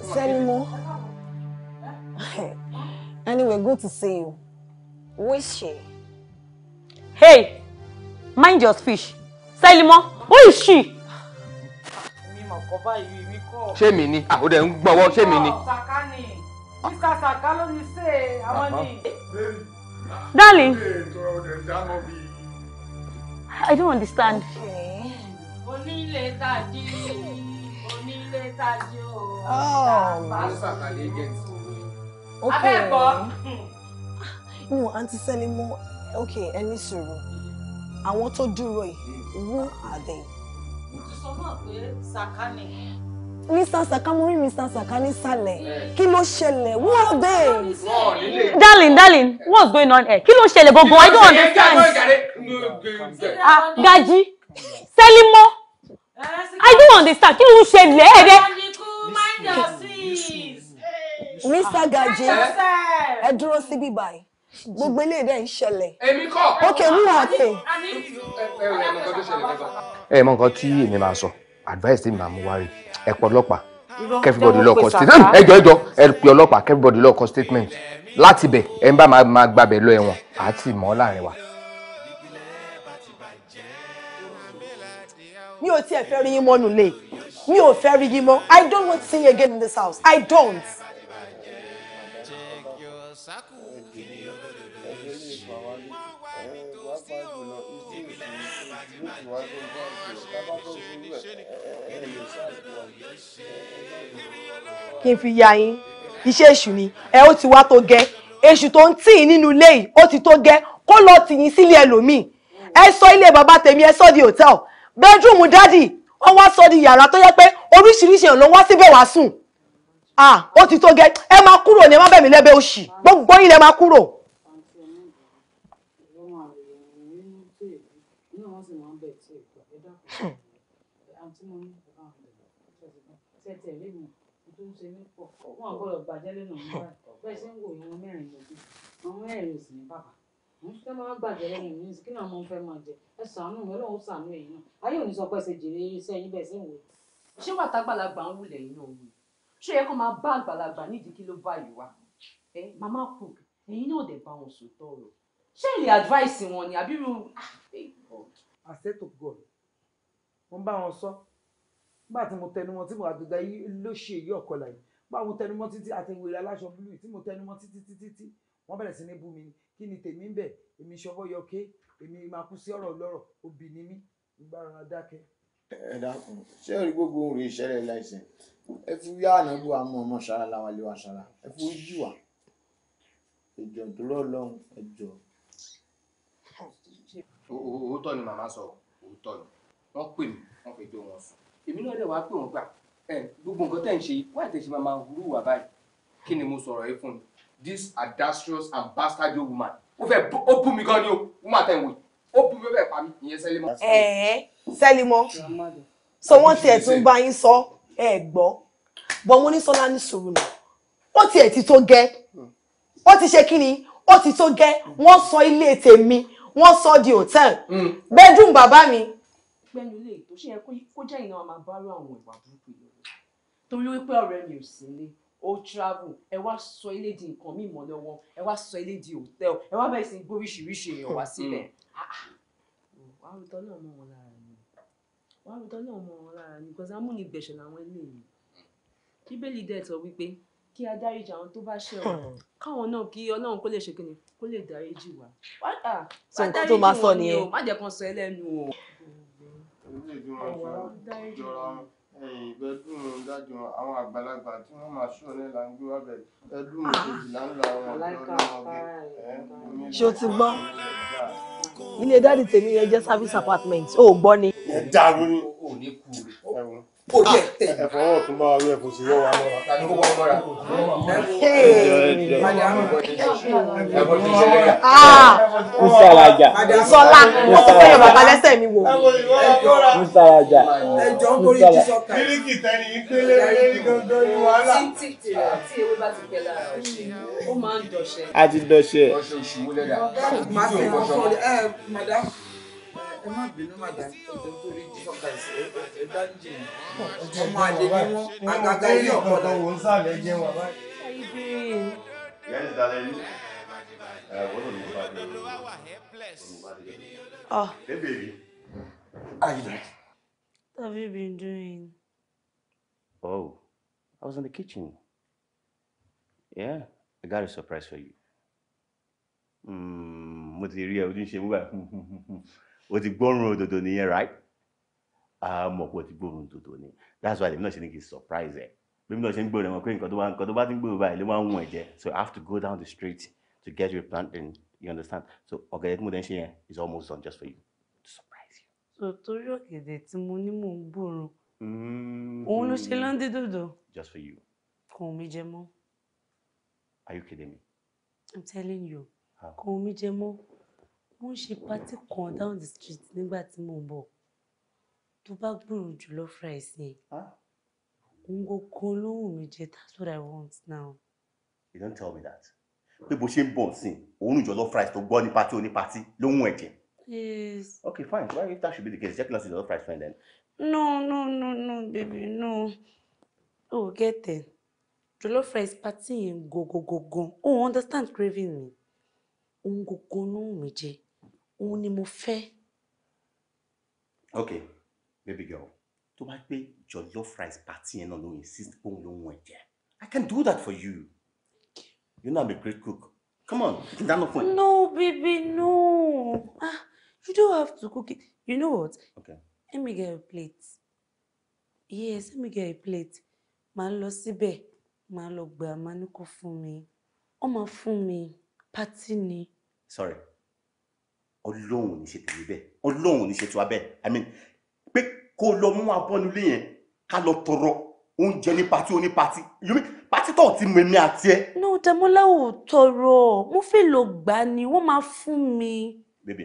Selimo. Anyway, good to see you. Who is she? Hey, mind your fish. Selimo, who is she? nǹkan báyìí mi kọ́. ṣé mi ni àwọn ah, ọdẹ ń gbọ́wọ́ ṣé mi ni. Saka ni Mr. Saka ló ní ṣe àwọn ni. darling I don't understand. onílé tají onílé tají o. Oh. abẹ́ẹ̀kọ́. no aunty Selimo okay ẹni sọ̀rọ̀ àwọn tó dúró yìí who are they mo ti Mr. Saka Mr. Saka Sale. kí ló ṣẹlẹ̀ are they? darling darling what's going on here kí ló ṣẹlẹ̀ I don't understand. ah Gaji more. I don't understand kí ló ṣẹlẹ̀ ẹ̀rẹ́. Mr. Gaji ẹ dúró síbí báyìí gbogbo ilé ìdẹ́ ń ṣẹlẹ̀. èmi kọ́. ok mú wa pè. ẹ mọ nǹkan tí èmi máa sọ advice tí mi máa mú wá rí ẹ pọ ọlọ́pàá kẹfíbọdì lọkọ statement ẹjọ ẹjọ ẹ pè ọlọ́pàá kẹfíbọdì lọkọ statement láti bẹ ẹ ń bá máa gbàbẹ lọ ẹ̀wọ̀n àti mọ láàrin wa. mi ò tiẹ̀ fẹ́ rí yín mọ́nu lé mi ò fẹ́ rí yín mọ́ i don't want to see you again in this house i don't. wá tó ń bá ìṣòro tábà tó ń rú ẹ̀ ẹ̀ lè sáàdù wa. kí n fi ya yín iṣẹ́ èṣù ni ẹ ó ti wá tó gẹ́ èṣù tó ń tì í nínú ilé yìí ó ti tó gẹ́ kó lọ tì yín sílé ẹlòmíì ẹ sọ ilé bàbá tèmi ẹ sọ di hòtẹ́ẹ̀lì bẹ́ẹ̀dúrúmù dádì wọ́n wá sọ di yàrá tó yẹ pé oríṣiríṣi èèyàn ló wá síbẹ̀ wá sùn ó ti tó gẹ́ ẹ máa kúrò ní ẹ má bẹ̀ mí lẹ́bẹ̀ẹ́ òṣì gbogbo yín lẹ máa kúrò. wọn gbọ́dọ̀ bàjẹ́ lẹ́nu ọ̀hún báyìí bẹ́ẹ̀ ṣe ń wò ìwọ̀n mẹ́rin lójú àwọn mẹ́rin ò sì ní bàbá ṣé máa gbàjẹ́ lẹ́nu mi kí náà mo fẹ́ máa jẹ ẹ ṣàánú mi ọlọ́run ṣàánú ẹ̀yin náà ayé òní sọ pé ṣe jèrè iṣẹ́ yín bẹ́ẹ̀ sí ìwé. ṣé wàtá àgbàlagbà ń wulẹ̀ yín òun ṣé yẹ kó máa bá àgbàlagbà nídìí kí ló bá yìí wá ẹ màmá cook ẹ̀yin náà dẹ̀ bá wọn sùn tọrọ ṣé ilé advice wọn ni àbí irú. àṣetò ah, god mo bá wọn sọ nígbà tí mo tẹnu wọn tí mo àdúgbò ayé ló ṣe èyí ọ̀kọ́lá yìí báwo tẹnumọ́ títí àti wèrè aláṣọ búlúù tí mo tẹnumọ́ títí títí tí wọ́n bẹ̀rẹ̀ sí ní bú mi ni kí ni tèmi ń bẹ̀ èmi ṣọwọ́ yọ ké èmi máa kú sí ọ̀rọ̀ lọ́rọ̀ obì ni mí gbára dákẹ́. ẹ dákun ṣé orí gbogbo ohun rèé ṣẹlẹ̀ láìsẹ ẹ fi wí ànágbó àmọ́ ọmọ ṣara làwọn àlewà ṣara ẹ fi ojú wa ẹjọ tó rọ lọhùn ẹjọ. òótọ́ ni màmá sọ òótọ́ ni wọ́n pè mí wọ́n fi dó wọn sùn èmi náà dẹ̀ wá pè wọ́n gbà ẹ eh, gbogbo nǹkan tẹ̀ ń ṣe wáyé tẹ̀ ṣe máa máa wúrú wà báyìí kí ni mo sọ̀rọ̀ yìí fún mi this audacious and bastard woman ó fẹ́ ó bú mi gan ni o woman tẹ̀ ń wò ó bú mi ó fẹ́ pa mi ìyẹn Sẹ́límọ́. ẹ̀ẹ́ eh, Sẹ́límọ́ so wọ́n tiẹ̀ tún bá yín sọ ẹ̀ gbọ́ bọ́ wọn ní sọ́lá ní sùúrù nà ó tiẹ̀ ti tó gẹ́ ó ti ṣe kí ni ó ti tó gẹ́ wọ́n sọ ilé tèmi wọ́n sọ di hòtẹ́ẹ̀lì hmm. bedroom bàbá mi. pẹ̀lú ilé ìtòsí yẹn kó jẹ́ ìnáwó máa bá lọ àwọn ìwà burúkú yìí torí wípé ọ̀rẹ́ mi ò sí ilé ó travel ẹ wá sọ ilé di nǹkan mí mọ́ lọ́wọ́ ẹ wá sọ ilé di hotel ẹ wá bẹ̀rẹ̀ sí gbóríṣiríṣi èèyàn wá sílẹ̀ wàá rí tọ́lọ́ ọmọ wọn lára ni wàá rí tọ́lọ́ ọmọ wọn lára ni because amúnigbẹ̀ṣẹ̀ làwọn eléyìí bíbélì dẹ̀ sọ wípé kí a dáríjì àwọn tó bá ṣẹ̀ wá hmm. káwọn náà kí ọlọ́run kó lè ṣe kíni kó lè dáríjì wá wá dáríjì wọn ni o má jẹ́ kan sọ ẹlẹ́nu o bẹ́dúmù dájọ àwọn àgbàlagbà tí wọ́n máa ṣọ́ ní là ń gbé wá bẹ̀ bẹ́dúmù kejìlá ńlá àwọn ọ̀dọ́ ọlọ́mọge. ṣé o ti gbọ́ ilé dáàdì tèmi yẹn jẹ́ service apartment ó gbọ́ ni. ẹ dàrú ni. ò ní kú ẹ̀wọ̀n kò ah. musalaja musola ó ti fẹ́ràn bàbá lẹ́sẹ̀ mi wò. musalaja ẹjọ́ ń torí ti sọ́ka. mílíkì tẹni ìpele lórí gangan ni wàhálà. tí tí tí ewé bá ti pẹ́ ọ̀ṣẹ́ ó máa ń dọ̀ṣẹ́. a ti dọ̀ṣẹ́. ọ̀ṣẹ́ ìṣúwó lẹ́dà. máa ẹ má bínú màdá nítorí ìjọba ẹ̀dá jìn ọmọ àlè ni wọn àgàgà ilé ọ̀pọ̀lọ. wọ́n ń sàlẹ̀ jẹ́ wọn báyìí. ìyá ìdí dalẹ̀ yìí ẹ̀ wọ́n ní bá dé olùbádé. bébè mi ayida. What have you been doing? Oh, I was in the kitchen. Yeah, I got a surprise for you. Mm, mo ti rí ẹ ojú ń o ti gbórùn òdòdó nìyẹn right àmọ́ pé o ti gbórùn òdòdó ni that's why èmi náà ṣe ní kí n surprise ẹ bí mi náà ṣe ń gbòòrò wọn pé nǹkan tó bá nǹkan tó bá ti ń gbòòrò báyìí ló máa ń wọ̀n ẹ̀jẹ̀ so I have to go down the street to get your plant. planting you understand so ọ̀gẹ̀dẹ̀ tí mo dẹ̀ ń ṣe yẹn is almost done just for you to surprise you. so torí ọ̀gẹ̀dẹ̀ tí mo ní mò ń gbòòrò mm-hmm. òun ló ṣe lọ́ndé dòdò. just for you. kò mí jẹ mọ́. are you kidding me. I'm telling you. kò mí jẹ mọ́ wọ́n ṣe pátí kan down the street nígbà tí mò ń bọ̀ tó bá gbòòrò jollof rice yẹn nǹkan kan lóhùn mi jẹ that's what I want now. you don't tell me that pé bó ṣe ń bọ̀ sí òórùn jollof rice tó gbọ́ ní pátí oní pátí lóhùn ẹ̀jẹ̀. yes. okay fine well if that should be the case check lọ sí jollof rice fine then. no no no no baby no o oh, get it jollof rice pátí yẹn gogogogan o oh, understand craving mi òun gogan lóhùn mi jẹ òun ni mo fẹ́. ok baby girl tó bá gbé jollof rice party yẹn náà ló insist pé òun ló ń wọ̀n jẹ i can do that for you you know i'm a great cook come on dáná fún ẹ. no baby no ah you don't have to cook it you know what okay. let me get a plate yes let me get a plate màá lọ síbẹ̀ màá lọ gbà màá ní kó fún mi ó fún mi pátí ni. sorry ọlọ́run ò ní ṣe tèmi bẹ́ẹ̀ ọlọ́run ò ní ṣe tiwa bẹ́ẹ̀ i mean pé kó lọ mú abọ́nulé yẹn ká lọ tọrọ oúnjẹ ní patí oní patí yomi patí tó ti mọ èmi àti ẹ. no Dàmọ́lá ò tọrọ mo fẹ́ lọ gbà ni wọ́n máa fún mi. baby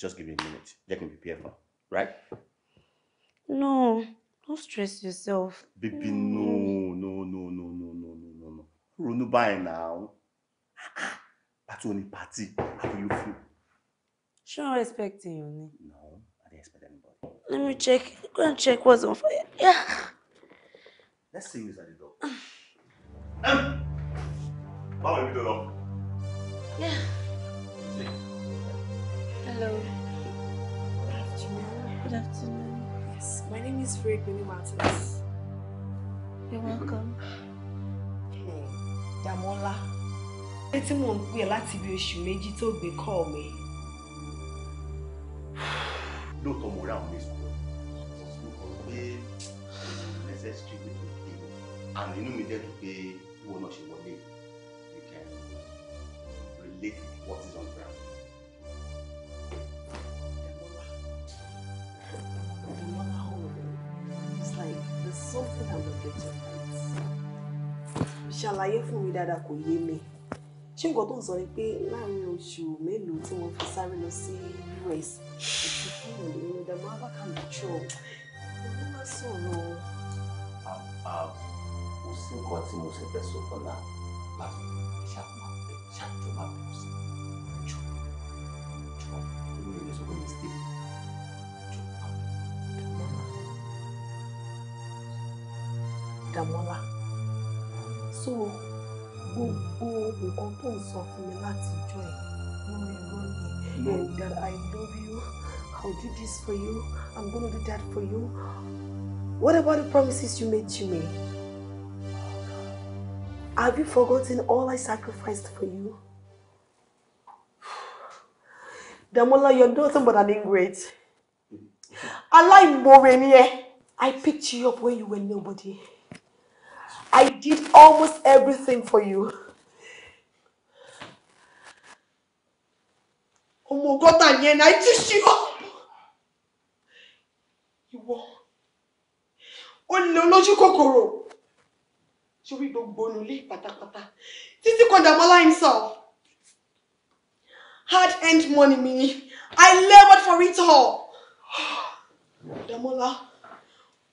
just give me a minute let me prepare for right. no No stress yourself. baby no no no no no no no no no ronú báyìí náà ah, pàtó ní pàtí how do you feel. She don't respect you. Ne? No, I didn't expect anybody. Let me check. Go and check what's on fire. Yeah. Let's see who's at the door. um, Mama, you don't know. Yeah. See. Hello. Good afternoon. Good afternoon. Yes, my name is Rick Winnie Martins. You're welcome. Hey, hmm. Damola. Létí mò ń pè láti bí oṣù méjì tó gbé kọ́ mi. No mo ra òun èso mo kàn ń pé necessary pé kò dé àmì inú mi dẹ́dùn pé wọn náà ṣe you can relate with what is on ground. It's like there's something I'm not getting right. Ṣàlàyé fún mi dáadáa kò yé mi ṣé nǹkan tó ń sọ ni pé láàrin oṣù mélòó tí wọ́n fi sáré lọ sí US ìfúnpọ̀ ní ọ̀dàmọ́ abákàlùjọ ọ̀dọ́ má sọ̀rọ̀. kò sí nǹkan tí mo ṣe fẹ́ sọ fọlá láti ṣàpá ṣàjọ máa bẹ̀rù sí jọ jọ lórí ilé sọ́kọ́ mi sí jọ Dàmọ́lá. so gbogbo nǹkan tó ń sọ fún mi látijọ́ ẹ̀ lórí lónìí and that I love you I will do this for you I'm gonna do that for you what about the promises you made to me have you forgotten all I sacrificed for you Damola you're nothing but an ingrate hmm. aláìmoore ni ẹ I picked you up when you were nobody. I did almost everything for you. Oh my God, I ọmọ gọ́tà yẹn náà ti ṣí ọ. ìwọ ó lè olójú kòkòrò sórí gbogbo onulé pátápátá títí kan Dàmọ́lá himself hard earned money mi I labored for it all. Dàmọ́lá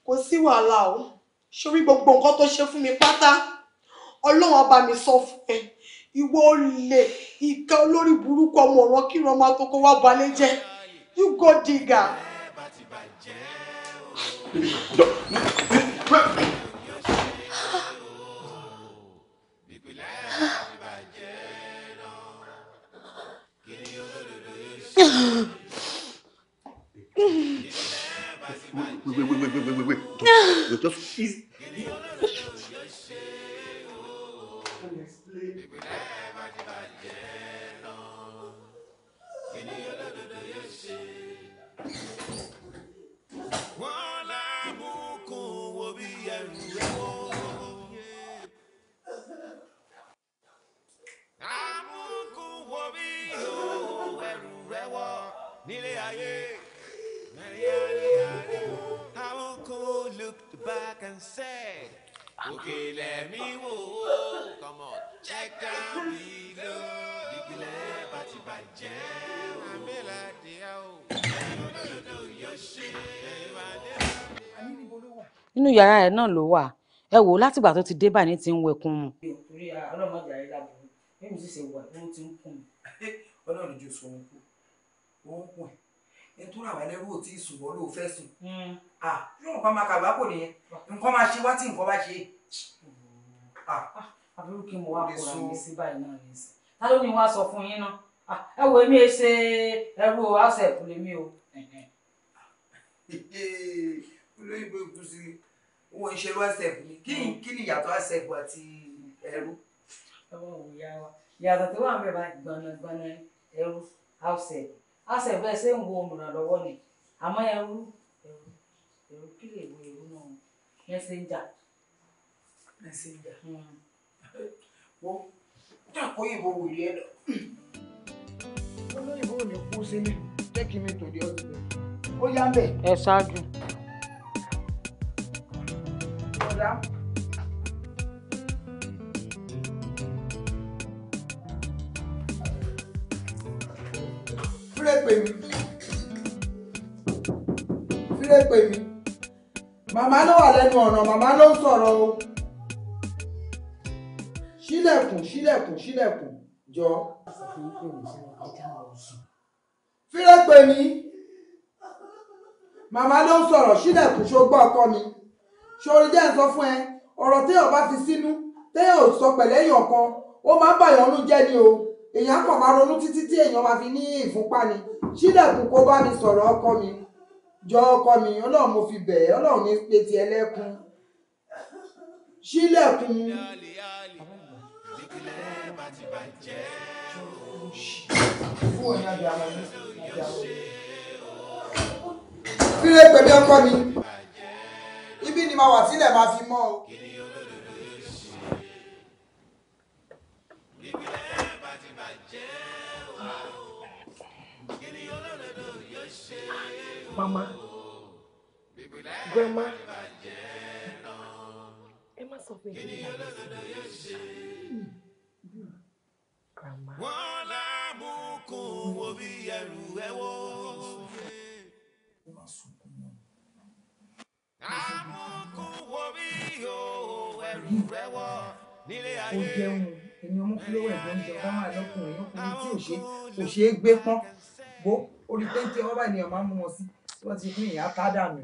kò sí wàhálà o sórí gbogbo nǹkan tó ṣe fún mi pátá ọlọ́run ọba mi sọ fún ẹ ìwọ olè ìka olórí burúkú ọmọ ọ̀rọ̀ kíran máa tó kó wá balẹ̀ jẹ́ you go digger. wait wait wait wait wait wait He's. and said, Okay, let me whoa, come on, check out below. Ìpìlẹ̀ bá ti bàjẹ́ o. Àmìlà yàrá ẹ̀ náà ló wà. Ẹ wò látìgbà tó ti dé báyìí ti ń wẹkùn mu. Ọlọ́run jù sọ̀rọ̀ ó ń ẹ tó rà wá lẹ́rú ò tí wọ́n ló fẹ́ sùn yóò hmm. nǹkan máa kàgbá kò nìyẹn nǹkan máa ṣe wá tí nǹkan bá ṣe. Ah, àbúrò kí mo wá kóra mi sí báyìí náà ní ìsìn ta ló ní wá sọ fún yín náà ẹ wo èmi e ṣe ẹrú ọsẹ ìkúlẹ mi o. olóyìnbó ikú sí wọn ṣe lọ ọsẹ ìkúlẹ kí ni ìyàtọ̀ ọsẹ ìkú àti ẹrú. ẹ wọ́n wò yá wa ìyàtọ̀ tó wà ń bẹ̀ bá gbọ̀nàgbọ̀nà ẹrú ọsẹ ìkú á sì bẹ́ẹ̀ ṣe ń wo olùrànlọ́wọ́ ni àmọ́ ẹrú ẹrú ẹrú kí lè wo ẹrú náà mẹsẹ̀njà. mẹsẹ̀njà hmm. wo dàpọ̀ ìbò wò lé ẹ lọ. olóyìnbó ò ní kú sílẹ̀ jẹ́ kí mi tòde ọ̀sẹ̀ ó yá bẹ̀. ẹ ṣáájú. ọ̀dà. fírèpè mi fírèpè mi màmá ló wà lẹ́nu ọ̀nà màmá ló ń sọ̀rọ̀ o ṣílẹ̀kùn ṣílẹ̀kùn ṣílẹ̀kùn jọ. fírèpè mi màmá ló ń sọ̀rọ̀ ṣílẹ̀kùn ṣogbọ́ ọkọ mi ṣorí jẹ́ ń sọ fún ẹ ọ̀rọ̀ téèyàn bá ti sínú téèyàn ò sọ pẹ̀lẹ́yìn ọ̀kan ó máa ń bàyàn ọ̀run jẹ́ ni o. èèyàn kàn bá ronú títí tí èèyàn bá fi ní ìfúnpá ni ṣílẹ̀kùn kó bá mi sọ̀rọ̀ ọkọ mi jọ ọkọ mi ọlọ́run mo fi bẹ̀ ẹ́ ọlọ́run ní pé ti ẹlẹ́kùn ṣílẹ̀kùn. kílẹ̀ pẹ̀lú ọkọ mi ibi ni màá wà sílẹ̀ máa fi mọ́ ọ. mama grandma ẹ má sọ fún ìdílé bàbá sí grandma. wọ́n lábùkún wo bí ẹrù ẹ wọ́. àbùkún wo bí ẹrù ẹ wọ́ nílé ayé. ó jẹun ẹni ọmọ fúlọ́wọ́ ẹ̀gbọ́n ń jẹ ọba wà ọkùnrin tí ò ṣe é gbé pọ́n bó orí péńté ọba ènìyàn máa ń mú wọn sí i wọ́n ti pín ìyá tá dànù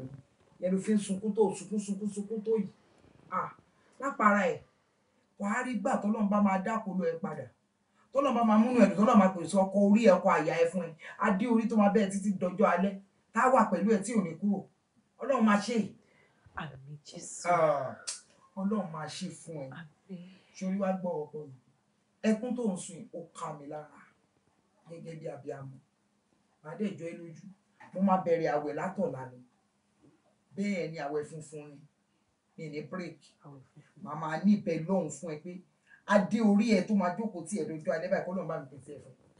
yẹn ló fi ń sunkún tó sunkún sunkún sunkún tó yìí lápara ẹ̀ wàá rí gbà tọ́lọ́n bá máa dákòlò ẹ̀ padà tọ́lọ́n bá máa múnú ẹ̀ dùn tọ́lọ́n máa pèsè ọkọ̀ orí ẹ̀ ọkọ̀ àyà ẹ̀ fún ẹ̀ adé orí tó máa bẹ́ẹ̀ títí dọjọ́ alẹ́ tá a wà pẹ̀lú ẹ̀ tí ò ní kúrò ọlọ́run máa ṣe é. àmì jésù. ọlọ́run máa ṣe fún ẹ sórí wá gbọ́ ọ̀pọ̀ mi ẹkún tó ń sun ó ká mi lára gẹ́gẹ́ bí abiyamọ màá ẹ lójú mo máa bẹ̀rẹ̀ àwẹ̀ látọ̀la ni bẹ́ẹ̀ ni àwẹ̀ funfun ni mi ní break màá máa ní ìbẹ̀ lọ́hùn fún ẹ pé adé orí ẹ tó máa jókòó tí ẹ dojú alẹ́ báyìí kó lóun bá mi pèsè ẹ fún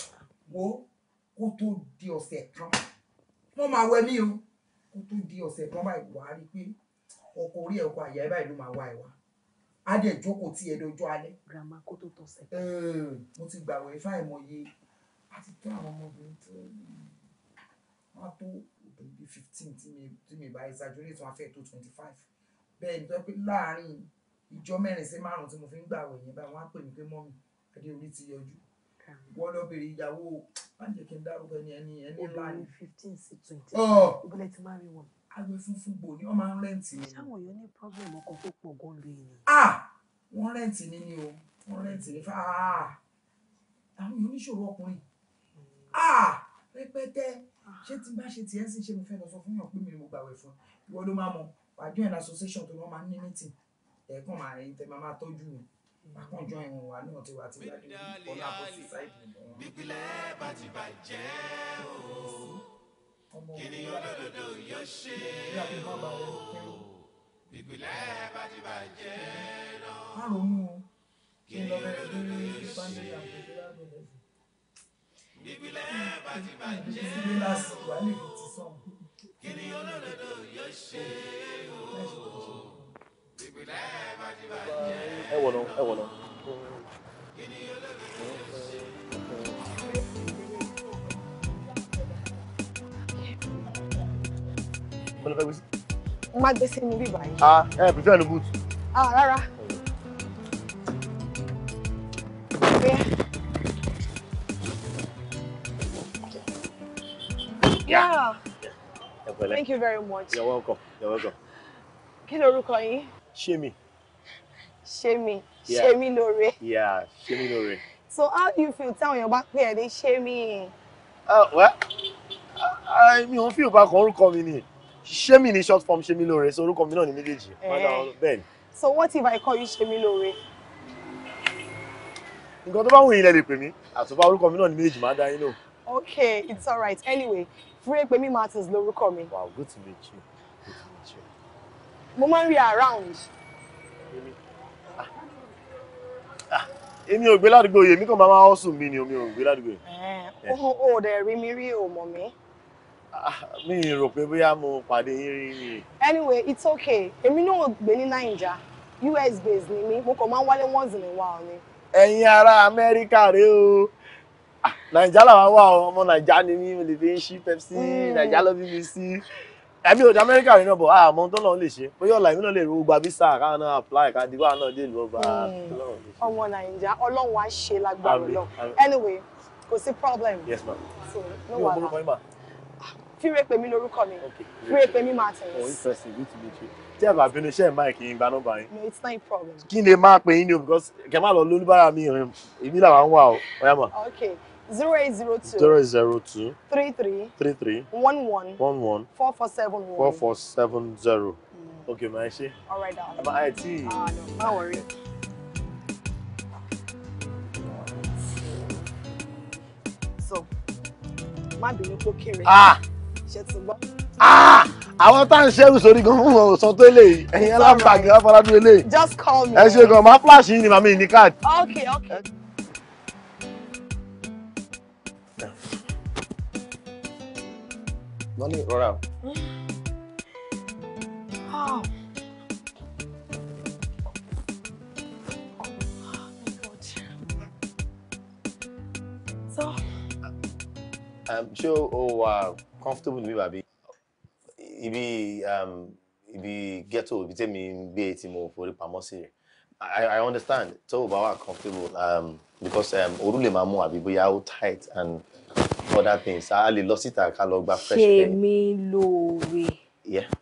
wo kó tó di ọ̀sẹ̀ kan wọ́n máa wẹ mí o kó tó di ọ̀sẹ̀ kan báyìí wàá rí pé ọkọ orí ẹ̀kọ́ àyà ẹ̀ báyìí ló máa wá ẹ̀ wá á dẹ̀ jókòó tí ẹ dojú alẹ́. grandma kó tó tọ̀sẹ̀. mo ti gbàwẹ̀ fáìmọye àti tó àwọn ọmọbìnrin tó yẹ wọ́n á tó bí fifteen tí mi tí mi bá exaggerate wọ́n á fẹ́ tó twenty five bẹ́ẹ̀ ni tó pé láàárín ìjọ mẹ́rin sí márùn-ún tí mo fi ń gbàwẹ̀ yẹn báyìí wọ́n á pè mí pé mọ́mì adéorí ti yọjú wọ́n lọ bèrè ìyàwó máa jẹ́ kí n dárúkọ ẹni ẹni ẹni ńlá ni. obìnrin fifteen sí twenty ìbílẹ̀ ti máa rí wọn. agbe funfun gbò ni wọ́n máa ń rẹ́ǹtì ni. sáwọn èèyàn ní problem ọkọ tó pọ̀ gan lu èèyàn. ah wọ́n rẹ́ǹtì ni ni o wọ́n rẹ́ǹtì ni fáà àwọn oníṣòro ọkùnrin ah rẹpẹtẹ ṣé tí bá ṣe tiẹ̀ sì ṣe mo fẹ́ lọ sọ fún yàn pé mi ni mo gbàwẹ̀ fún ìwọ ló máa mọ wàjú ẹ̀ l'association tó lọ́ máa ní meeting ẹ̀ẹ̀kan máa rìn tẹ́ máa máa tọ́jú mi àkànjọ ìwọ̀n wa náà ti wà tí wàjú ọ̀la bọ̀ sí sáìdì nìkan. bípínlẹ̀ bá ti bàjẹ́ o kìnìún olódodo yóò ṣe o bípínlẹ̀ bá ti bàjẹ́ náà kìnìún olódodo yóò ṣe o ìbílẹ̀ bàtí bàjẹ́ o kí olódodo yóò ṣe o ìbílẹ̀ bàtí bàjẹ́ o ẹ olódodo yóò ṣe mo lọ fẹ́ gbé sí. má gbé sínú bíbá ah ẹ prefer ní boot. ah rárá. Yeah. yeah. Thank you very much. You're welcome. You're welcome. Kí lorúkọ yín? Ṣémi. Ṣémi. Ṣémi lóore. Yeah, Ṣémi lóore. So how do you feel táwọn èèyàn bá pè ẹ́ ní Ṣémi? Uh, well, mi ò fi ìbá kan orúkọ mi ni. Ṣémi ni short form Ṣémi lóore, so orúkọ mi náà ni méjèèjì. Eh. Bẹ́ẹ̀ni. So what if I call you Ṣémi lóore? Nǹkan tó bá wù yín lẹ lè pè mí, àtúbà orúkọ mi náà ni méjèèjì máa dá yín lò. Okay, it's all right. Anyway, Fúrépemí Martins lórúkọ mi. Wow, good to meet you. Good to meet you. Mo máa ń rí around. Ah, Emi, ah. gbé ládùúgbò yìí, èmi kàn máa máa hustle mi ni omi ò gbé ládùúgbò yìí. Ó eh, ò dẹ̀ rí mi rí o mọ̀ mí. Ah, mi ì rò pé bóyá mo pàdé yín rí rí. Anyway, it's okay. Èmi náà gbé ní Naija. US based ni mí, mo kàn máa ń once in a while ni. Ẹ̀yin ará Amẹ́ríkà rèé o nàìjà làwọn wà ọmọ nàìjà ni mí mo lè fi ń ṣí pepsi hmm. nàìjà ló bí mi sí ẹbí òde amẹ́ríkà rẹ̀ náà bọ̀ á àmọ́ tó lọ́n lè ṣe bóyá ọ̀la ìmúná lè ro gba visa káwọn náà apply ká dìbò àwọn dé ìlú ọba. Hmm. ọmọ nàìjà ọlọ́run á ṣe lágbára lọ anyway kò sí problem. yes ma'am. so no wahala ah, fíre pè mí lórúkọ mi fíre pè mí martins. oh interesting good to meet you. tí ẹ bá bínú iṣẹ́ máa kì í gba nọ́mbà yín. no it's not a problem. kí ni máa pè yín ni o because kẹ má lọ lólúbára mi rìn um, èmi làwọn wà ó ọ̀yàmọ̀. okay zero eight zero two. zero eight zero two. three three. three three. one one. one one. four four seven one. four four seven zero. Mm. okay ma ẹ ṣe. all right now. àbá I tí. ah no no worry. so má bínú kó kéré. ah ṣe ti gbọ́. ah àwọn tá à ń ṣẹ́rù sórí gan fún wọn sọ tó eléyìí ẹ̀yin alábàgì afaradú eléyìí. just call me. ẹ ṣe gan máa flash yín ni màmí ní card. okay okay. wọ́n I'm sure you ṣé o wà comfortable níbí bàbí ibi um, ibi ghetto You tell me, gbé tí mo forí pamọ́ sí rẹ̀. I, I understand. So, Bawa comfortable um, because um, Orule Mamu Abi, but you're tight and other things a lè lọ síta ká lọ gba fresh air. ṣe mi lóore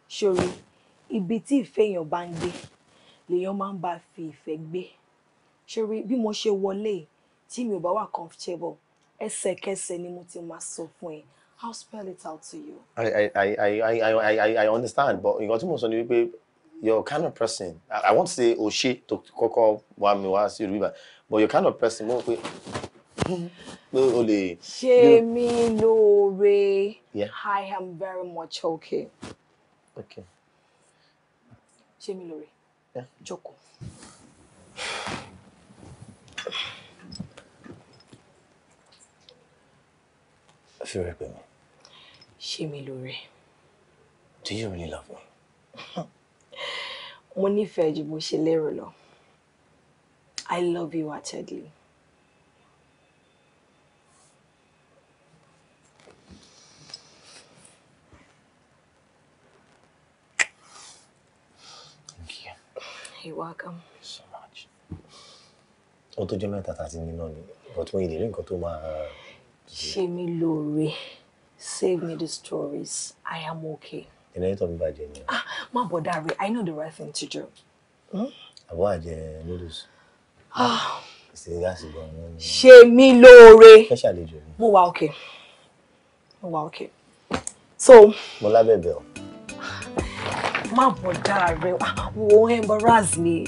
ṣòro ibi tí ìfẹ́ èèyàn bá ń gbé lèèyàn máa ń bá fi ìfẹ́ gbé ṣòro bí mo ṣe wọlé tí mi ò bá wà comfortable ẹsẹ̀kẹsẹ̀ ni mo ti máa sọ fún ẹ I'll spell it out to you. I I I I I I understand but nǹkan tí mo sọ ni wípé you're kind of person I, I won't say o ṣe to kọ́kọ́ wá mi wá sí Yorùbá but your kind of person mo pe pé o lè. ṣe mí lóore I am very much okay. okay. ṣe mí lóore jókòó. Fi rẹ̀ pè mí. Ṣé mi lóore? Do you really love me? Mo nífẹ̀ẹ́ ju bó ṣe lérò lọ. I love you heartedly. You're welcome. So much. Ohun tó jẹ́ mẹ́ta tàti ní náà ni, but mo ìlérí nǹkan tó máa. Ṣé mi lóore, save me the stories, I am okay. Ìnáyí tọ́ mi bàjẹ́ ni. Ah, má bọ̀ dáre, I know the right thing to do. Hmm? Àbọ̀ àjẹ noodles. Ìsinmi ah. gáàsì gan ni. Ṣé mi lóore. Fẹ́ ṣàlejò ni. Mo wà okay. Mo wà okay. So. Mo lábẹ́ bẹ̀ má bọ̀ jàre ah, wo embarrass mi.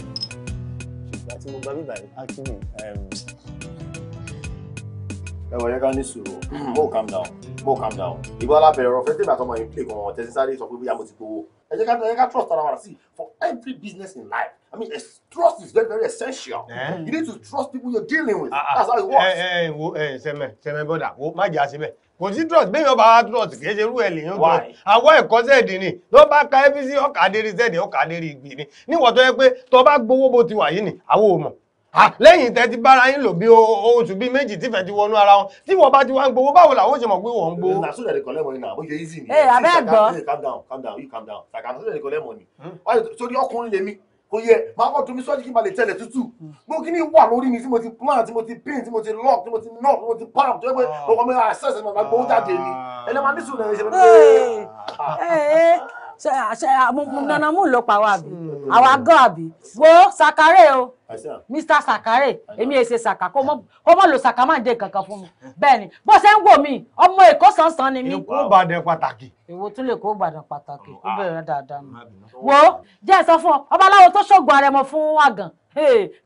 ìgbà tí mo gba bíbá yìí actually ẹwọ yẹ ká ní sùúrù mo calm down mo calm down ìgbà alábẹ̀rẹ̀ ọ̀rọ̀ fẹ́ẹ́ tẹ̀lé àtọmọ yìí play kan ọ̀tẹ̀ sísáré sọ pé bí amọ̀ ti gbowó ẹ jẹ́ ká ẹ jẹ́ ká trust ara wa sí for every business in life I mean trust is very very essential eh? you need to trust people you're dealing with ah, ah. that's how it works. ẹ eh, ẹ eh, wo ẹ sẹmẹ sẹmẹ bọdà wo má jẹ àṣẹ bẹ́ẹ̀ kò sí trust bẹ́ẹ̀ yóò bá wá trust kì í ṣe irú ẹ̀ lèyàn tó àwọn ẹ̀kọ́ sẹ́ẹ̀dì ni ló bá ka ẹ́ fi sí ọkà adérí sẹ́ẹ̀dì ọkà adérí ìgbì ni níwọ̀n tó yẹ pé tó bá gbowó bó ti wà yìí ni àwọn ò mọ̀ lẹ́yìn tẹ́ ti bára yín lò bí oṣù bíi méjì tífẹ̀ ti wọnú ara wọn tí wọ́n bá ti wá ń gbowó báwo làwọn ṣe mọ̀ pé wọ́n ń gbowó. o yẹ ẹ abẹ́ àgbọ̀. Hmm? sori ọkùnrin lèmi oyè máa kọ́ tomi sọ́ọ́jì kí n ba lè tẹ̀lẹ̀ tútù gbogbo kí ni wà lórí mi tí mo ti plan tí mo ti pin tí mo ti lock tí mo ti knock tí mo ti pound tó yẹ pé ọkọ mi ah, access ẹ̀ máa gbowó jáde ni ẹ̀ lẹ́ máa ní sùn náà ẹ̀ ṣe máa Ah. nana mú ló pa wá bí àwa gan àbí wo sàkárè o mr sàkárè èmi è ṣe sàkà kó mọ lò sàkà máa ń jẹ kankan fún mi bẹ́ẹ̀ ni bó ṣe ń wò mí ọmọ èkó sánsan ni mí. èkó ìbàdàn pàtàkì. èwo tún lè kó ìbàdàn pàtàkì ah. ó bẹ̀rẹ̀ dáadáa nù. wo jẹ́ ẹ sọ fún ọ ọbaláwo tó ṣògùn àrẹ̀mọ fún àgàn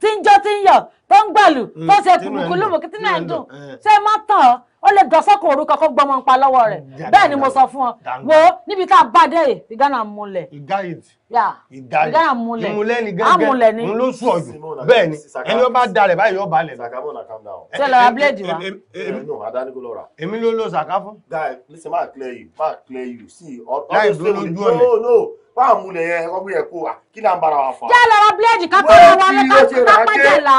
tí ń jọ tí ń yọ tó ń gbàlù hmm, tó ṣe kùlùkùlù mọ̀kìtì náà dùn eh. ṣé má tàn ọ́ ó lè dọ̀sọ́kùn orúkọ kó gbọ́mọ ń pa lọ́wọ́ rẹ̀ bẹ́ẹ̀ ni mo sọ fún ọ wo níbi tá a bá dé yìí ìgánà múlẹ̀ ìgánà múlẹ̀ ìmúlẹ̀ ni gẹ́gẹ́ ń ló sùn ọ̀jù bẹ́ẹ̀ ni ẹni ó bá dalẹ̀ báyìí yóò balẹ̀ ni. ṣe lọ́ra bíléèdì wa. èmi ló lọ sàká fún. guy listen ma clear you ma clear you see. láì dúró lójú ọ̀nà wá àmúlẹ̀ yẹn ẹ̀kọ́ bí ẹ̀kọ́ wa kí náà ń bára wa fà. jẹ́ lọ ra bíléèdì kápẹ́rẹ́ wa lẹ́ kápẹ́jẹ̀ lá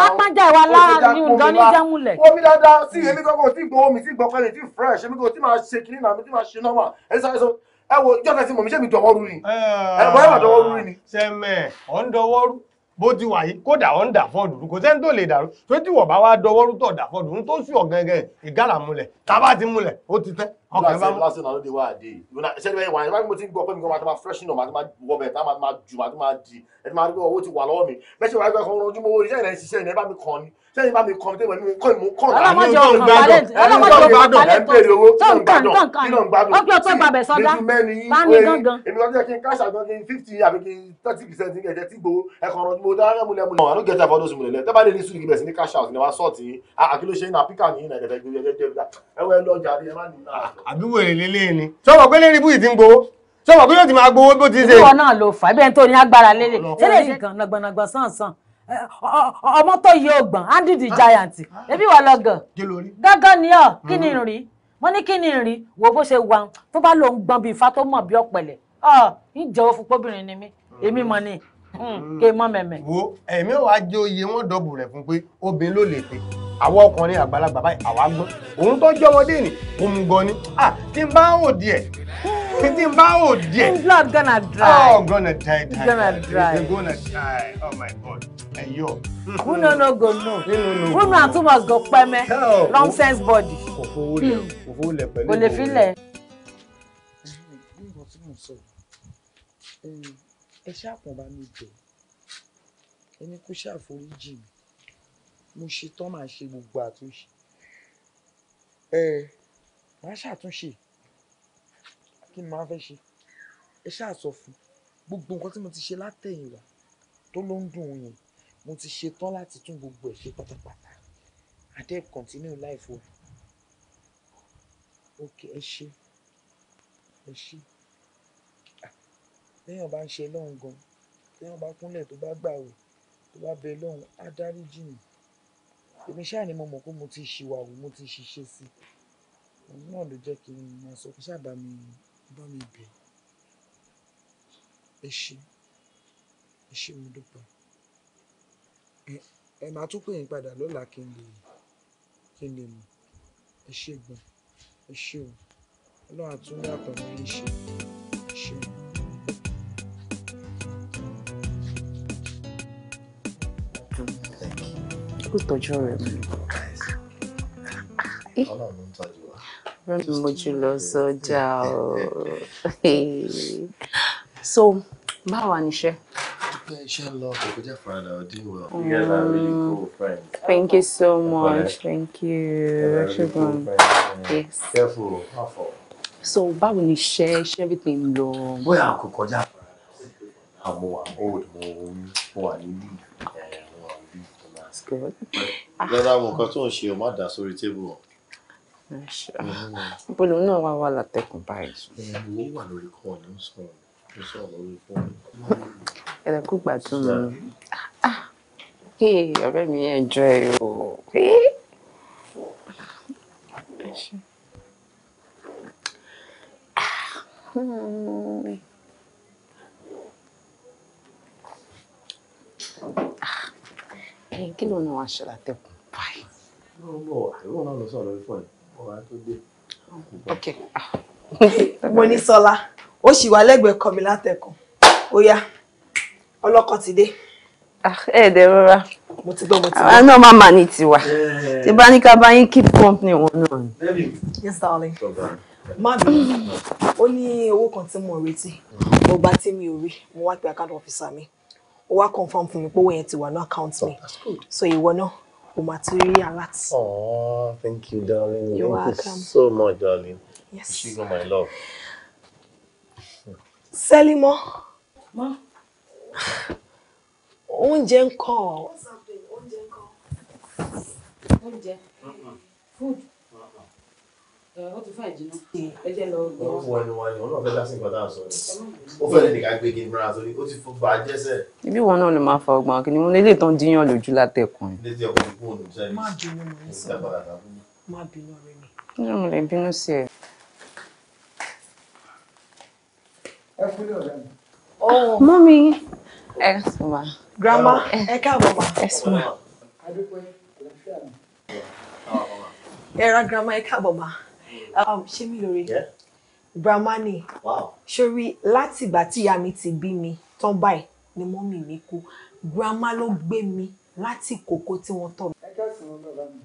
kápẹ́jẹ̀ wa lá ni ǹdọ́ ní jẹ́múlẹ̀. omi dáadáa sí èmi kọ́kọ́ tí gbọ́ omi tí gbọ́ pẹ́lẹ̀ tí fresh èmi kò tí máa ṣe kiri náà tí máa ṣe nọ́mà ẹ̀sán ẹ wo jọ́ta sí mọ̀ mi ṣé mi dọ̀wọ́rú ni. Ah, ẹ bọ́ ẹ bó ti wà yìí kódà ọ̀ ń dà fọ́ọ̀dù rú kò sẹ́ni tó lè dàrú tó tí wọ̀ bá wá dọwọ́ rú tọ̀ dà fọ́ọ̀dù rú tó sì ọ̀gẹ́gẹ́ ìgárà múlẹ̀ tábà ti múlẹ̀ ó ti tẹ́ ọkàn bá mú. lásìkò náà ló dé wá àdé ìgbóná ṣẹ́ni bẹ́ẹ̀ wà ní báyìí mo ti ń gbọ́ pé mi kò máa tó máa fresh nù máa tó máa wọ bẹ̀ tá máa ju máa tó máa di ẹ̀ tó máa rí owó ti wà lọ́wọ́ mi bẹ́ẹ̀ ṣe wà sẹ́yìn bá mi kọ́ mi tẹ́wọ̀n mi kọ́ mi kọ́ ọ̀la ní ọjọ́ ìgbàdàn ẹni tó ń gbàdàn ẹ̀ ń bèrè owó tó ń gbàdàn kí ló ń gbàdàn ọgbẹ́ tó gbàbẹ̀ sọ́dá bá mi gángan. èmi lọ́jọ́ kí n káṣà gan kí n fifty àbí kí n thirty percent ní ẹ̀jẹ̀ tí gbowó ẹ̀kan ọ̀rọ̀ mo dáhùn múlẹ̀ múlẹ̀. àwọn àlùkẹ́tà sọ́wọ́ pé yóò ti máa gbowó bó ti ṣe. ìwọ náà ló fà á bí ẹni tó ní agbára lélẹ̀ tẹ́lẹ̀ ìgbọ̀nàgbọ̀nàgbọ̀n sàn sàn ọmọ tó yẹ ọgbọ̀n andy the ah, giant ah, ah. ebi wà lọ́gàn gángan ni ọ kí ni hmm. rí mo ní kí ni rí wo bó ṣe wà tó bá lòun gbọ́n bíi ifá tó mọ̀ bí ọ̀pẹ̀lẹ̀ ọ ń jẹ́ òfin pọ́bìnrin ni mí èmi mọ̀ ni hmm, hmm. kí n mọ̀ mẹ̀mẹ̀. wo ẹ̀mí wàá jẹ́ oyè wọ́n dọ̀bù rẹ̀ fún pé obìnrin ló lè pe àwọn ọkùnrin àgbàlagbà báyìí àwa gbọ́n òun tó jẹ́ ọmọdé nì òun gan ni ah tí n bá ò díẹ̀ tí n bá ò díẹ̀. blood gonna dry. oh gonna die die die gonna die oh my god and Who no no go no. Who no too much go peme. Nonsense body. Òfowó lẹ̀ hmm. òfowó lẹ̀ pẹ̀lú. Kò lè fi lẹ̀. Nígbà tí mo sọ, ẹ ṣàpọ̀n bá mi jẹ, ẹni kú ṣàforíjì mi, mo ṣetán máa ṣe gbogbo àtúnṣe. Ẹ máa ṣàtúnṣe, kí ni màá fẹ́ ṣe? Ẹ ṣáà fún gbogbo nǹkan tí mo ti ṣe látẹ̀yìnwá tó ló ń dùn yẹn mo ti ṣetán láti tún gbogbo ẹ̀ ṣe pátápátá adep continue life o ok ẹ ṣe ẹ ṣe téèyàn ah, bá ń ṣe lọ́hùn gan téèyàn bá kúnlẹ̀ tó bá gbàwẹ̀ tó bá bẹ lọ́hùn á dáríjì mí èmi ṣáà ni mo mọ̀ pé mo ti ṣìwàwù mo ti ṣiṣẹ́ sí i òun náà ló jẹ́ kí n máa sọ pé ṣáà bá mi bá mi bẹ̀ ẹ ṣe ẹ ṣe mo dúpẹ́ ẹ máa tún pè yín padà lọ́la kí n lè kí n lè mọ̀ ẹ ṣe gan ẹ ṣe o ọlọ́run àtúndì àtọ̀nà yín ṣe ẹ ṣe o. kò tọ́jú ọ̀rẹ́ mi. mo jù lọ sọ́jà o. so báwa níṣẹ́. Patient love, good father, doing well. You guys are really mm. cool friends. Thank you so much. Thank you. Really cool friends. Yes. Careful. How far? So, báwo ni ṣe ṣe everything lọ? Bóyá kò kọjá àmọ́ wà old mo wà ní leave. That's good. Lọ́dà ah. àwọn nǹkan tó ń ṣe o má dà sórí tébù ọ̀. Bọ́lá náà wá wà látẹ̀kùn báyìí. Mo wà lórí kọ́ọ̀ ní sọ̀rọ̀ ẹ̀rẹ̀ kó gbà tún mi ah, ọ̀rẹ́ mi enjoy o. Ah, kí ló ní wọn ṣe látẹkùn báyìí. ìwọ náà lọ sọ lórí fóònù ọ̀rọ̀ tó dé. Ah. mo ní sọlá ó sì wà lẹ́gbẹ̀ẹ́ kọ́ mi látẹ̀kùn ó yá ọlọ́kọ ti dé. Ah, ẹ ẹ dẹ rọra mo ti gbọ́ mo ti gbọ́ àwọn náà má mà ní tiwa tí bá ní ká bá keep company wọn náà ni. yes darling má bí ó ní kan tí mo retí mo gbà tí mi ò mo wa pe account officer mi ó wá confirm fún mi pé owó yẹn ti wà ní account mi so ìwọ náà o máa ti rí alert. oh thank you darling You're thank welcome. so much darling. yes you go my love. Sẹ́límọ́. Má. Oúnjẹ ń kọ́. Oúnjẹ ń kọ́. Oúnjẹ. Food. Ó wọn náà ni. máa fa ọgbọ́n akínní, mo lélẹ̀ tán díyàn lójú látẹ̀kùn. Má bínú mọ̀ mi. Ní ọmọ lè bínú sí ẹ. ẹ kúlẹ̀ ọ̀rẹ́ mi. Oh. mọ́mí ẹ sùn grandma oh. ẹ káàbọ̀ wá. ẹ sùn wá. ẹ ra grandma ẹ káàbọ̀ wá. Um, ṣé mi lóore. Brahmani sórí látìgbà tí ìyá mi ti bí mi tán báyìí ni mọ́mí mi kú grandma lo gbé mi láti kókó tí wọ́n tọ̀ mí. ẹ kẹ́sìn ọ̀nà bá mi.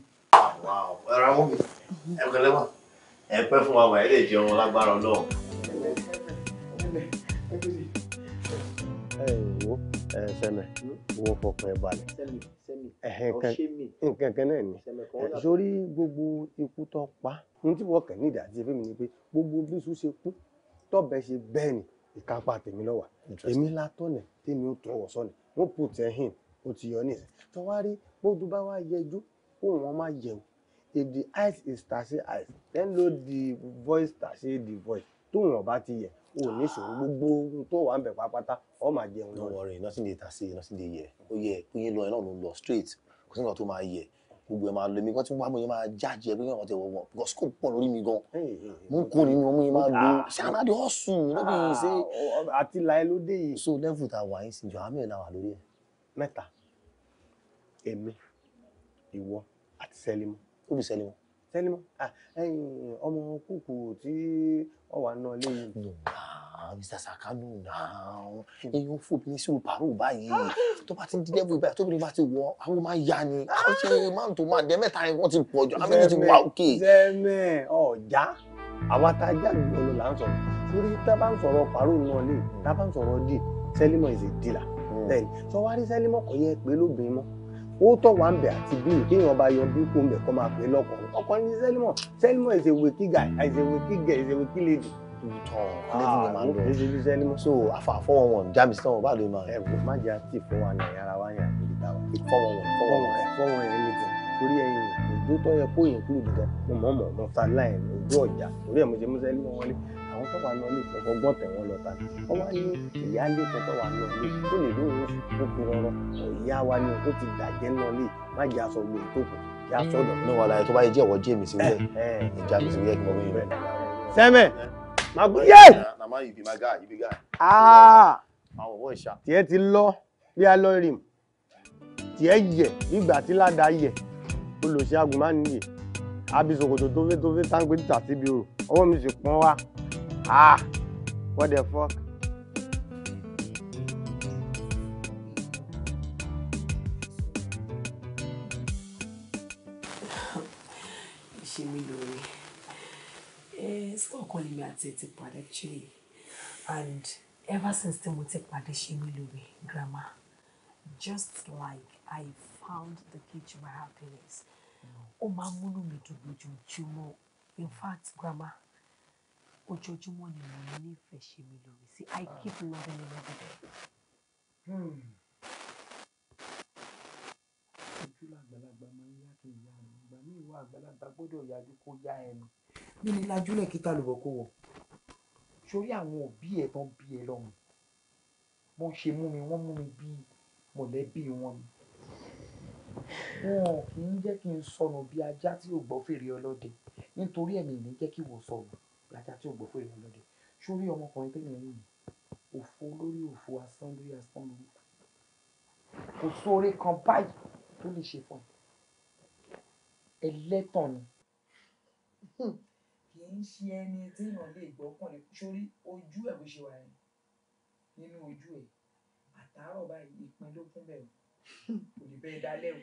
ẹ ra mọ́mí ẹ kẹlẹ́ wa wà ẹ lè jẹun lágbára wo sẹmẹ wo fọkàn ẹ balẹ̀ nǹkan kan náà ni sórí gbogbo ikú tó pa ní tí wọ́n kàn ní ìdájí fẹ́mi ni pé gbogbo bí sùn ṣe kú tọ́bẹ̀ ṣe bẹ́ẹ̀ ni ìkápá tèmi lọ́wà èmi látọ̀nà tèmi ò tọwọ́ sọ́nà wọ́n put ẹ̀ hìn ó ti yọ ní ìsẹ̀ tọ́wárí bójú bá wá yẹjú òun wọn má yẹ̀wò if the eyes is tase eyes then lo the voice tase the voice tóun ọba ti yẹ o ní ìṣòro gbogbo tó wà ń bẹ̀ pápátá ọ máa jẹun lọ. no worry nothing dey tasi nothing dey yẹ ó yẹ pé yín lọ ẹ ló ń lọ straight kò sí nǹkan tó máa yẹ gbogbo ẹ máa lo èmi kan tí wọn mú yẹn máa jáde ẹ pé wọn ti wọ wọn because kò pọ̀ lórí mi gan mú kó nínú ọmú yẹn máa lo ṣáná di ọ̀sùn lóbi yìí ṣe. àti láyé ló dé yìí. so level ta wà yín sí jọ àmì ẹ̀ lórí ẹ̀. mẹ́ta èmi ìwọ àti sẹ́límù. ó bí sẹ́límù. Tẹ́límọ́ ah, ọmọ kúkú tí ọ wà náà léyìn. Mr. Sakanu náà eyín fòbìnrin sí òpàrọ̀ báyìí ah! tó bá ti di dẹ́bù ìbáyìí tóbi ní bá ti wọ àwọn máa ya ni àwọn ah! ṣe máa ń tó máa dẹ́ mẹ́ta yẹn wọ́n ti pọ̀ jù àmì ti wà òkè. Zẹ́mẹ̀ ọ̀já àwa tá a já jù lọ là ń sọ̀rọ̀ torí tá a bá ń sọ̀rọ̀ pàrọ̀ náà lè tá a bá ń sọ̀rọ̀ dì Sẹ́límọ̀ is a dealer. Then sọ wá rí Sẹ́límọ̀ kò yẹ pé lóbìnrin mọ́ ó tọ̀ wá ń bẹ̀ àti bíi kéèyàn bá yọ bíi kó ń bẹ̀ kọ́ máa pè lọ́kọ̀ ọkọ ní sẹ́límọ̀ sẹ́límọ̀ is a wiki guy is a wiki girl is a wiki lady. Ah, so àfàfọ́ wọn wọn jábí sí wọn bá lè máa. ẹ kò má jẹ́ àti ìfọ́ wa náà yàrá wa yàn níbi táwa fọ́wọ́ wọn fọ́wọ́ wọn fọ́wọ́ wọn ẹni jẹ torí ẹyin òjò tó yẹ kó yẹn kúrò dídán mo mọ̀ mọ̀ mo ta láì ojú ọjà torí ẹ̀ mo ṣe mú sẹ́límọ̀ wọlé àwọn tó wà lọ lè fẹ́ fọgbọ́n tẹ̀ lọ tàbí wọ́n wá ní ìyáálé kan tó wà lọ lé ó lè lóun tó fi rọrọ ìyá wa ni ó ti dàjẹ́ lọ lé má jẹ́ aṣọ gbòòrò tó kù aṣọ ọ̀dọ̀. ní wàhálà yẹn tó bá yẹ jẹ́ ọ̀wọ́ jẹ́ mi sí wíyẹ ìjà mi sí wíyẹ kí n bọ́ bí yẹn. sẹ́mẹ̀ máa kú yé. màmá ibi máa gá ibi gá. Ah! tiẹ̀ ti lọ bí a lọ rìm tiẹ̀ yẹ nígbà tí ládàá yẹ olùsí agùnmánìyè àbí ṣòkòtò tó fẹ́ tó fẹ́ sáńpé tàbí bí o ọwọ́ mi sì pọ́n wá ah what the fuck. ṣe mí lóore ẹ sọ ọkàn lèmi àti ẹ ti pàdé actually and ever since tí mo ti pàdé ṣe mí lóore grandma just like I found the key to my happiness ó máa múnú mi dùn lójoojúmọ́ in fact grandma ojoojúmọ́ ni mo nífẹ̀ẹ́ ṣe mi lórí sí i keep loving you every day. Hmm. ojú làgbàlagbà máa ń yá kí n yá ẹnu ìgbà míì wá àgbàlagbà gbọ́dọ̀ yájú kó yá ẹnu nínú lajúlẹ̀ kíta lùbọ̀ kó wọ̀ sórí àwọn òbí ẹ̀ tán bí ẹ lọ́mọ wọ́n ṣe mú mi wọ́n mú mi bí mọ̀lẹ́bí wọn ni wọn kì í jẹ́ kí n sọnù bí ajá tí ò gbọ́ fèrè ọlọ́dẹ nítorí ẹ̀mí ní jẹ́ kí wọ́n sọnù làjà tí ò gbọ́ fèrè lọ́dẹ sórí ọmọkùnrin tẹ́lẹ̀ ń yìn òfo lórí òfo asán lórí asán lórí kò sóore kan báyìí tó lè ṣe fún ẹ ẹlẹ́tàn ni. Hmm. kì í ṣe ẹni tí èèyàn lè gbọ́kànlé sórí ojú ẹ̀ bó ṣe wà yẹn nínú ojú ẹ̀ àtàárọ̀ báyìí ìpín ló kún bẹ́ẹ̀ kò lè bẹ́ẹ̀ dálẹ́ o.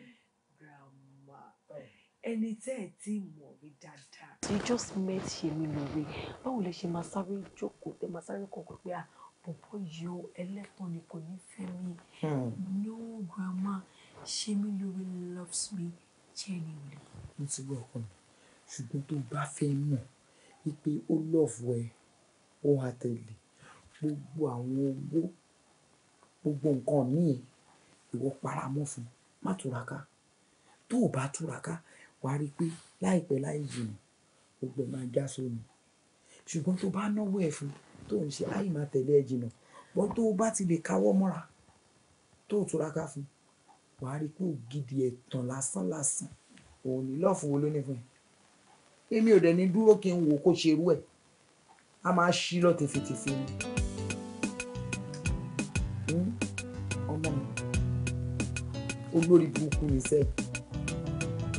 grandma. Oh ẹni tẹ́ ẹ̀ tí mọ̀ rí dáadáa. you just met Ṣèmi lóore báwo lẹ ṣe máa sáré jókòó tẹ máa sáré kọ̀ọ̀kan pé à ah, pọ̀pọ̀ yìí o ẹlẹ́tàn ni kò ní fẹ́ mi hmm. no grandma Ṣèmi lóore loves me genuinely. mo ti gbọ́ ọkọ mi ṣùgbọ́n tó bá fẹ́ mọ̀ wípé ó lọ́ọ̀fù ẹ ó wá tẹ̀lé gbogbo àwọn owó gbogbo nǹkan míì ìwọ paramọ́ fún má túraká tó o bá túraká wàá rí i pé láìpẹ́ láì jìnnà gbogbo ẹ̀ máa já sómi ṣùgbọ́n tó bá náwó ẹ̀ fún tó ń ṣe àì máa tẹ̀lé ẹ̀ jìnnà bọ́n tó bá ti lè káwọ́ mọ́ra tó túraká fún wàá rí i pé ògidì ẹ̀tàn lásán lásán òun ní lọ́ọ̀fù wo ló ní fún ẹ èmi ò dẹ̀ ní dúró kí n wò kó ṣe irú ẹ̀ a máa ṣí lọ tẹ̀fẹ̀tẹ̀fẹ̀ ni hmm? ọmọ mi olórí burúkú mi sẹ́yìn.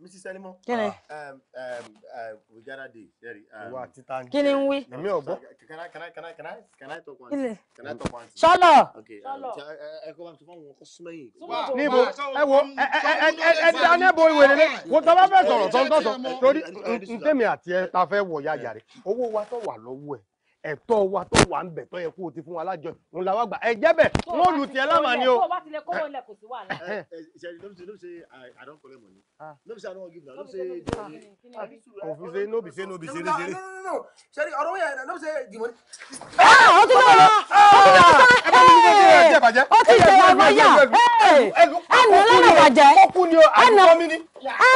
mrs elimo kíni wigara day um, wa titan kíni ń wí èmi ò gbọ́ can i can i can i can i can i talk one can i talk one sọlọ sọlọ ẹ kọ́ bá mi sọ fún àwọn ọkọ súnmọ́ yìí. níbo ẹ wo ẹ ẹ ẹ dánẹ́bọ̀ ìwé lélẹ̀ wo tó bá fẹ́ sọ̀rọ̀ tó ń tọ̀sọ̀ torí ntẹ́mi àti ẹ ta fẹ́ wọ̀ ya yàrá owó wa tó wà lọ́wọ́ ẹ̀ ẹ̀tọ́ wa tó wà ń bẹ tó yẹ kó o ti fún wa lájọ òun la wá gbà ẹ jẹ́ bẹ̀ lù tiẹ̀ lámà ni o. tó o bá tilẹ̀ kówó ilẹ̀ kò sí wàhálà. ẹ ṣe no be say i don collect money no be say i don give na no be say the money. kò fi ṣe no be say no be ṣeré ṣeré. ṣeré ọ̀rọ̀ wọ̀nyẹn no be say the money. ọ̀hún ti lọ́wọ́ ọ̀hún ti lọ́wọ́ ó ti ṣe ọmọ yà ẹnu lọ́nà bàjẹ́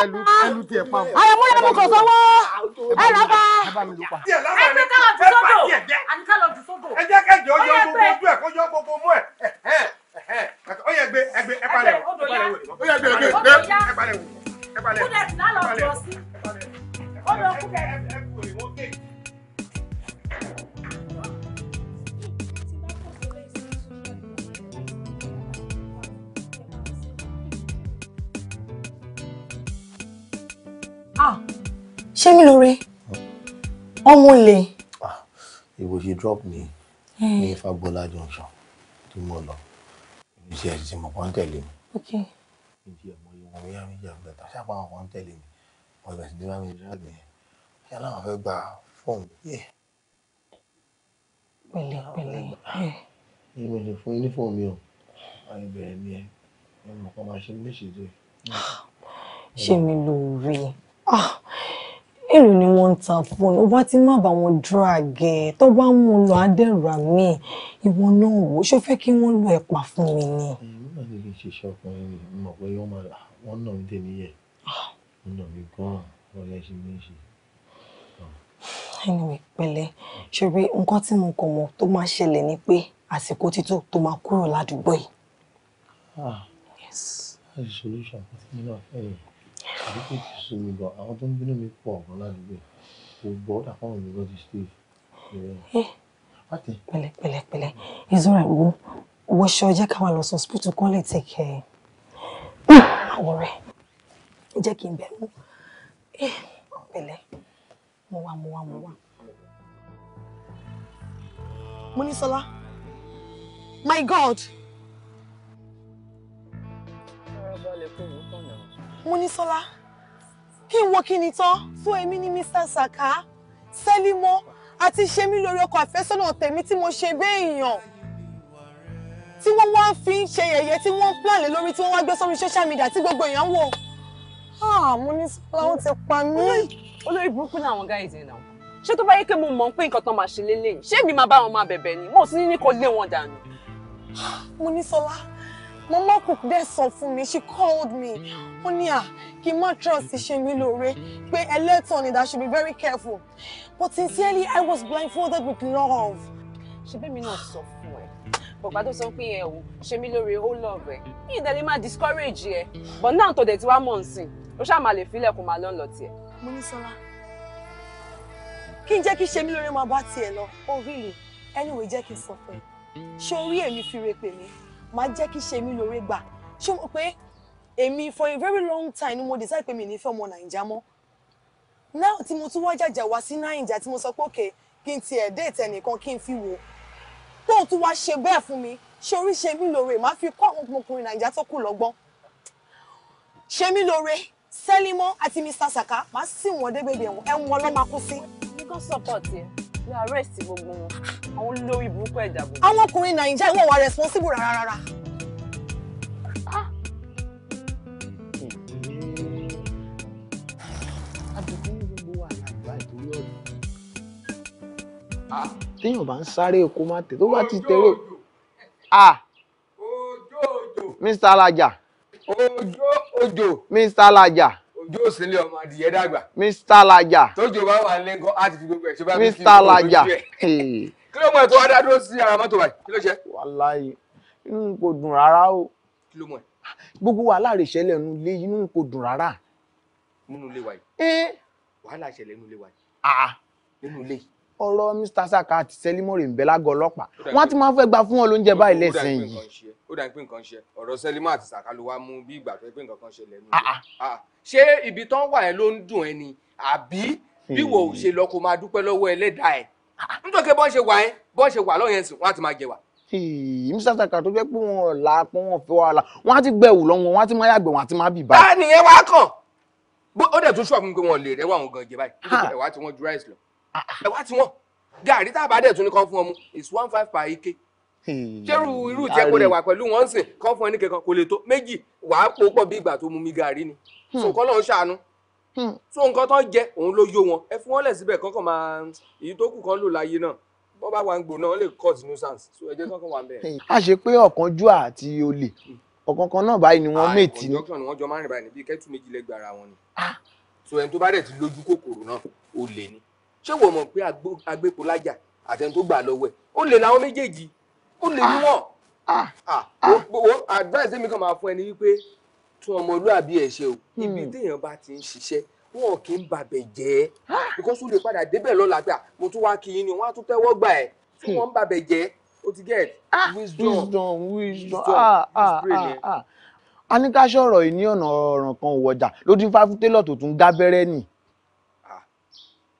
ẹnu ẹnu tiẹ̀ pa o. àyàmú yẹn mú kò sówó ẹ lọ bá. ẹ gbé kálọ̀ ti ti sódò. ẹ jẹ́ kẹ́jọ yọ gbogbo ẹ̀ kó yọ gbogbo mú ẹ̀ ó yẹ gbé ẹ gbé ẹ palẹ̀ wò ó yẹ gbé ẹ gbé ẹ palẹ̀ wò ẹ palẹ̀ wò. kúdẹ̀ nálọ̀ jọ sí ó lọ kúdẹ̀. ṣé mi lóore ọmọ olè. ìwò ah, ṣe drop mi eh. ní Fágbọ́lá junction tí mo lọ iṣẹ́ ẹ̀sìn mọ̀ kàn tẹ̀lé mi ìdí ẹ̀ mọ iye wọn yá méjì àgbẹ̀ tó ṣàpá àwọn kan tẹ̀lé mi wọn bẹ̀rẹ̀ sí ní bá mi rí àgbẹ̀ yẹn yẹn láwọn fẹ́ gba fóònù yẹ. pẹ̀lẹ́ pẹ̀lẹ́ ẹ. ẹ bẹ̀rẹ̀ fún yúnífọ̀mù mi o àyè bẹ̀rẹ̀ mi ẹ ẹ mọ̀ kọ́ máa ṣe léṣe dé. ṣé mi lò èrò ni wọ́n ń ta fóònù ó bá ti má bá wọn dúràgẹ̀ tó bá mú un lọ adẹ́rà mi ìwọ náà wò ṣó fẹ́ kí wọ́n lọ ẹ̀pà fún mi ni. ìlú náà ṣe ṣe ọkùnrin ni mo mọ̀ pé wọ́n máa wọ́n nà mí tèmi yẹ wọ́n nà mí gan-an wọ́n yẹ ṣe mí ṣe. anyway pẹ̀lẹ́ ṣòro nǹkan tí mo kàn mọ̀ tó máa ṣẹlẹ̀ ni pé àsìkò ti tó máa kúrò ládùúgbò yìí. ah yes. that's the solution àdúgbò ti sú mi gan àwọn tó ń bínú mi pọ̀ gan ládùúgbò gbogbo ọ̀dà fáwọn mi gan ti ṣe eh, ìrẹ́ pẹ̀lẹ́ pẹ̀lẹ́ pẹ̀lẹ́ ìzúra ìwọ wọṣọ jẹ́ ká wà lọ sọ hospital kan lè take care ah, àwọ̀ rẹ̀ jẹ́ kí n bẹ̀ mú eh, pẹ̀lẹ́ mo wà mo wà mo Munisola my God. ọ̀rọ̀ balẹ̀ kò ní kàn náà. Monísọ́lá kí n wo kí ni tán fún èmi ní Mr. Saka Sẹ́límọ́ àti ṣe mí lórí ọkọ àfẹ́sọ́nà tèmi tí mo ṣe béèyàn tí wọ́n wá fi ń ṣe yẹ̀yẹ́ tí wọ́n plan lé lórí tí wọ́n wá gbé sórí social media tí gbogbo èèyàn wò. Ah, Monísọ́lá wọ́n ti pa mí. olórí burúkú ni àwọn gáàsì náà ṣé tó bá yẹ pé mo mọ̀ pé nǹkan tán máa ṣe lélẹ́yìn ṣé èmi máa bá wọn máa bẹ̀bẹ̀ ni mo sì ní kó lé wọn dànù. Monísọ́lá mama cook dẹ̀ sọ for me. she called me ó ní à ah, trust mattress ṣe mí lóore pé ni that should be very careful but sincerely I was blindfolded with love. ṣe bẹ́ẹ̀ mi náà sọ fún ẹ bọ̀gbá tó sọ pé ẹ o ṣe mí lóore ó love ẹ yìí dẹ̀ lè máa discourage ẹ but now tó dẹ̀ two months, mọ̀ nsìn ó ṣáà máa lè filẹ̀ kó máa lọ́n lọ tiẹ̀. mo ní sọlá kí n jẹ́ kí ṣe mí lóore máa bá tiẹ̀ lọ oh really anyway jẹ́ kí n sọ fún ẹ ṣé orí èmi fi re pè mí máa jẹ́ kí ṣe mí lóore gbà ṣé o mọ̀ pé èmi for a very long time ni mo decide pé mi ní fẹ́ ọmọ nàìjà mọ́ now tí mo tún wá jàjà wá sí nàìjà tí mo sọ pé òkè kí n tiẹ̀ déètì ẹnìkan kí n fi wò tó tún wá ṣe bẹ́ẹ̀ fún mi ṣe orí ṣe mí lóore máa fi kọ́ àwọn ọmọkùnrin nàìjà tó kù lọ́gbọ́n ṣe mí lóore Sẹ́límọ́ àti Mr. Saka máa sì wọ́n dégbèdè ẹ̀wọ̀n ẹ̀wọ̀n ọlọ́mọ akú sí. ní kò sọ́pọ̀ tiẹ̀ ní àrẹ́sì gbogbo wọn àwọn olórí burúkú ẹ̀dá gbogbo. àwọn ọkùnrin nàìjíríà ìwọ wà responsible rárá rárá. Ah! Ah! téèyàn bá ń sáré oko máa tẹ̀ tó bá ti tẹ̀lé ah Mr. Alaja ojo ojo Mr. Alaja ojú òsínlẹ̀ ọmọ adìyẹ dàgbà. mr laja. tójú bá wà lẹ́ńkọ́ á fi gbogbo ẹ̀ ṣe bá mi kí n kó lójú ẹ̀. kí ló mọ ẹ̀ tó wá dádúró sí ara mọ́tò báyìí kí ló ṣe. wàláyé inú kò dùn rárá o. kí ló mọ ẹ. gbogbo wàhálà rẹ̀ ṣẹlẹ̀ nu ilé inú kò dùn rárá. nínú ilé wa yìí. Eh? wàhálà ṣẹlẹ̀ nínú ilé wa yìí. Ah, ah. nínú ilé yìí ọ̀rọ̀ Mr. Saka àti Sẹ́límọ̀rè ń bẹ lágọ̀ ọlọ́pàá wọ́n ti máa fẹ́ gba fún wọn lóúnjẹ báyìí lẹ́sìn yìí. ó dà pé nǹkan ṣe ọ̀rọ̀ Sẹ́límọ̀ àti Saka ló wá mú bí ìgbà tó pé nǹkan kan ṣẹlẹ̀ nù. Ah, ah. Ah, ṣé ibi tán wà ẹ ló ń dùn ẹ ni àbí bí wò ó ṣe lọ kó máa dúpẹ́ lọ́wọ́ ẹlẹ́dàá ẹ̀ nítorí bọ́n ṣe wà ẹ bọ́n ṣe wà lọ́yẹn sìn wọ́n á ti máa jẹ wà. Mr. Saka tó jẹ́ pé wọn là pé wọn fẹ́ wàhálà wọn á ti gbẹ̀wù lọ́wọ́ wọn á ti máa yàgbẹ̀ wọn á ti máa bì báyìí. báà nìyẹn wá kàn ó dẹ̀ tún ṣọ́ọ̀bù pé wọn lè rẹ́wà wọn gan jẹ báyìí nítorí tí wọ́n ju ráìsì lọ ẹ wá tiwọn gàrí tá a bá dẹ̀ tún ní kan fún ọmú is one five per ike hmm. ṣerú irú ìtẹ́ kó rẹ̀ wà pẹ̀lú wọn sìn kan fún ẹnì kankan kò lè tó méjì wàá pò pọ̀ bí ìgbà tó mu mi gàrí ni hmm. so kọ́ lọ́n ṣàánú hmm. so nǹkan tó jẹ òun ló yó wọn ẹ fún wọn lẹ̀ síbẹ̀ kankan máa èyí tó kù kan lò láyé náà bọ́ bá wa ń gbò náà lè cause nuisance so ẹ jẹ́ kankan wà ń bẹ̀. a ṣe pé ọ̀kánjúà àti olè ọ̀kọ̀ọ̀kan náà báyìí ni wọ́n ah, mètì ni. ọjọ́ ni wọ́n jọ máa ń rìn báyìí níbi kẹ́tù méjì lẹ́gbẹ̀ẹ́ ara wọn ni ah. so ẹni tó bá dẹ̀ ti lójú kòkòrò náà olè ni ṣé wò mọ̀ pé agbépo lájà àtẹni tó gbà lọ́wọ́ ẹ̀ ó lè làwọn méjèèjì ó lè ní ah, wọn. Ah, ah. advice mi kan máa fún ẹni wípé tún ọmọlúàbí ẹ̀ ṣe o hmm. ibi téèyàn bá ti ń ṣiṣẹ́ wọn kì í bàbẹ̀ jẹ́ because ó lè padà débẹ̀ lọ́la gbà mo tún wá kí yín ni wọ́n á tún tẹ́wọ́ gbà ẹ̀ tí hmm. wọ́n ń bàbẹ̀ jẹ́ ó ti get wisdom wisdom wisdom ah ah ah a ní ká ṣọ̀rọ̀ yìí ní ọ̀nà ọ̀ràn kan òwọ̀jà ló ti ń fa fún télọ̀ tó tún gábẹ́rẹ́ nì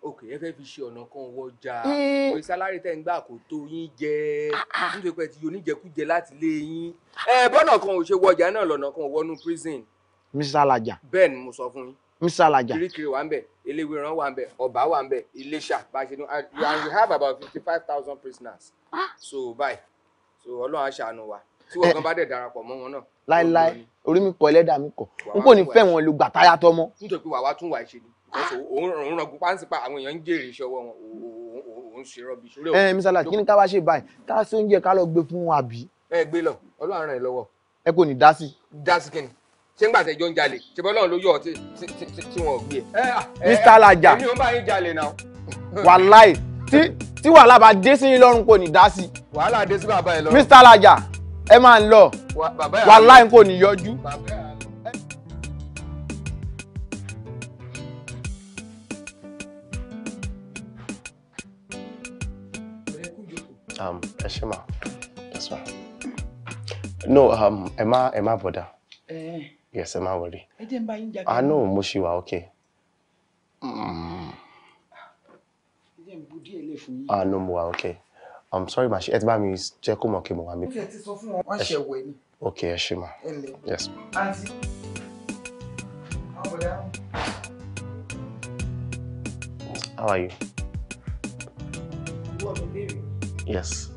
ok ẹ fẹ́ fi ṣe ọ̀nà kan wọjà pé eh. sálárì tẹ́ ń gbà kò tó yín jẹ ah, ah, ah. nítorí pé ti oníjẹkújẹ láti lé yín ẹ eh, bọ́nà kan ò ṣe wọjà náà lọ́nà kan wọnú prison. mr alaja. bẹ́ẹ̀ ni mo sọ fún yín. mr alaja. kirikiri wà ń bẹ eléwéran wà ń bẹ ọba wà ń bẹ iléṣà bá and we have about fifty five thousand prisoners so bye so ọlọ́run aṣàánú wa tí wọ́n eh. gan bá dẹ̀ darapọ̀ mọ́ wọn náà. láéláé orí mi kọ ẹlẹ́dàá mi kọ n kò ní fẹ́ wọn lu gbàtáyà tọmọ. nítorí pé wàá wá tún wà ṣe ni òun ràn gúpá ń sípa àwọn èèyàn ń jèrè iṣẹ́ ọwọ́ wọn òun ṣe rọ́bì ṣúrẹ́ òun. ẹ mísàlá kí ni ká wá ṣe báyìí ká sí oúnjẹ ká lọ gbé fún àbí. ẹ gbé lọ Ọlọ́run ràn ẹ lọ́wọ́. ẹ kò ní dá sí. dá sí kíni ṣé ń gbà tẹjọ ń jalè ṣe bọ́lọ́run ló yọ ọ tí wọn ò gbé ẹ. mr alaja èmi ò bá yín jalè náà. wàláì tí wàhálà bá dé sí yín kò ní dá sí. wàhálà dé sí bàbá ẹ lọ. mr alaja ẹ máa ń lọ wàláì kò ní yọjú. bàbá ẹ um, Eshima. That's ma'am. No, um, ẹ má, ẹ má Eh. Yes, ẹ má worry. Ẹ jẹ́ n bá yín I know, ah, mo okay. Mm. Ah, no, more. okay. I'm sorry, ma. Ẹ ti bá mi jẹ́ kó mọ̀ Okay, Eshima. Yes, How are you? What a baby. Yes.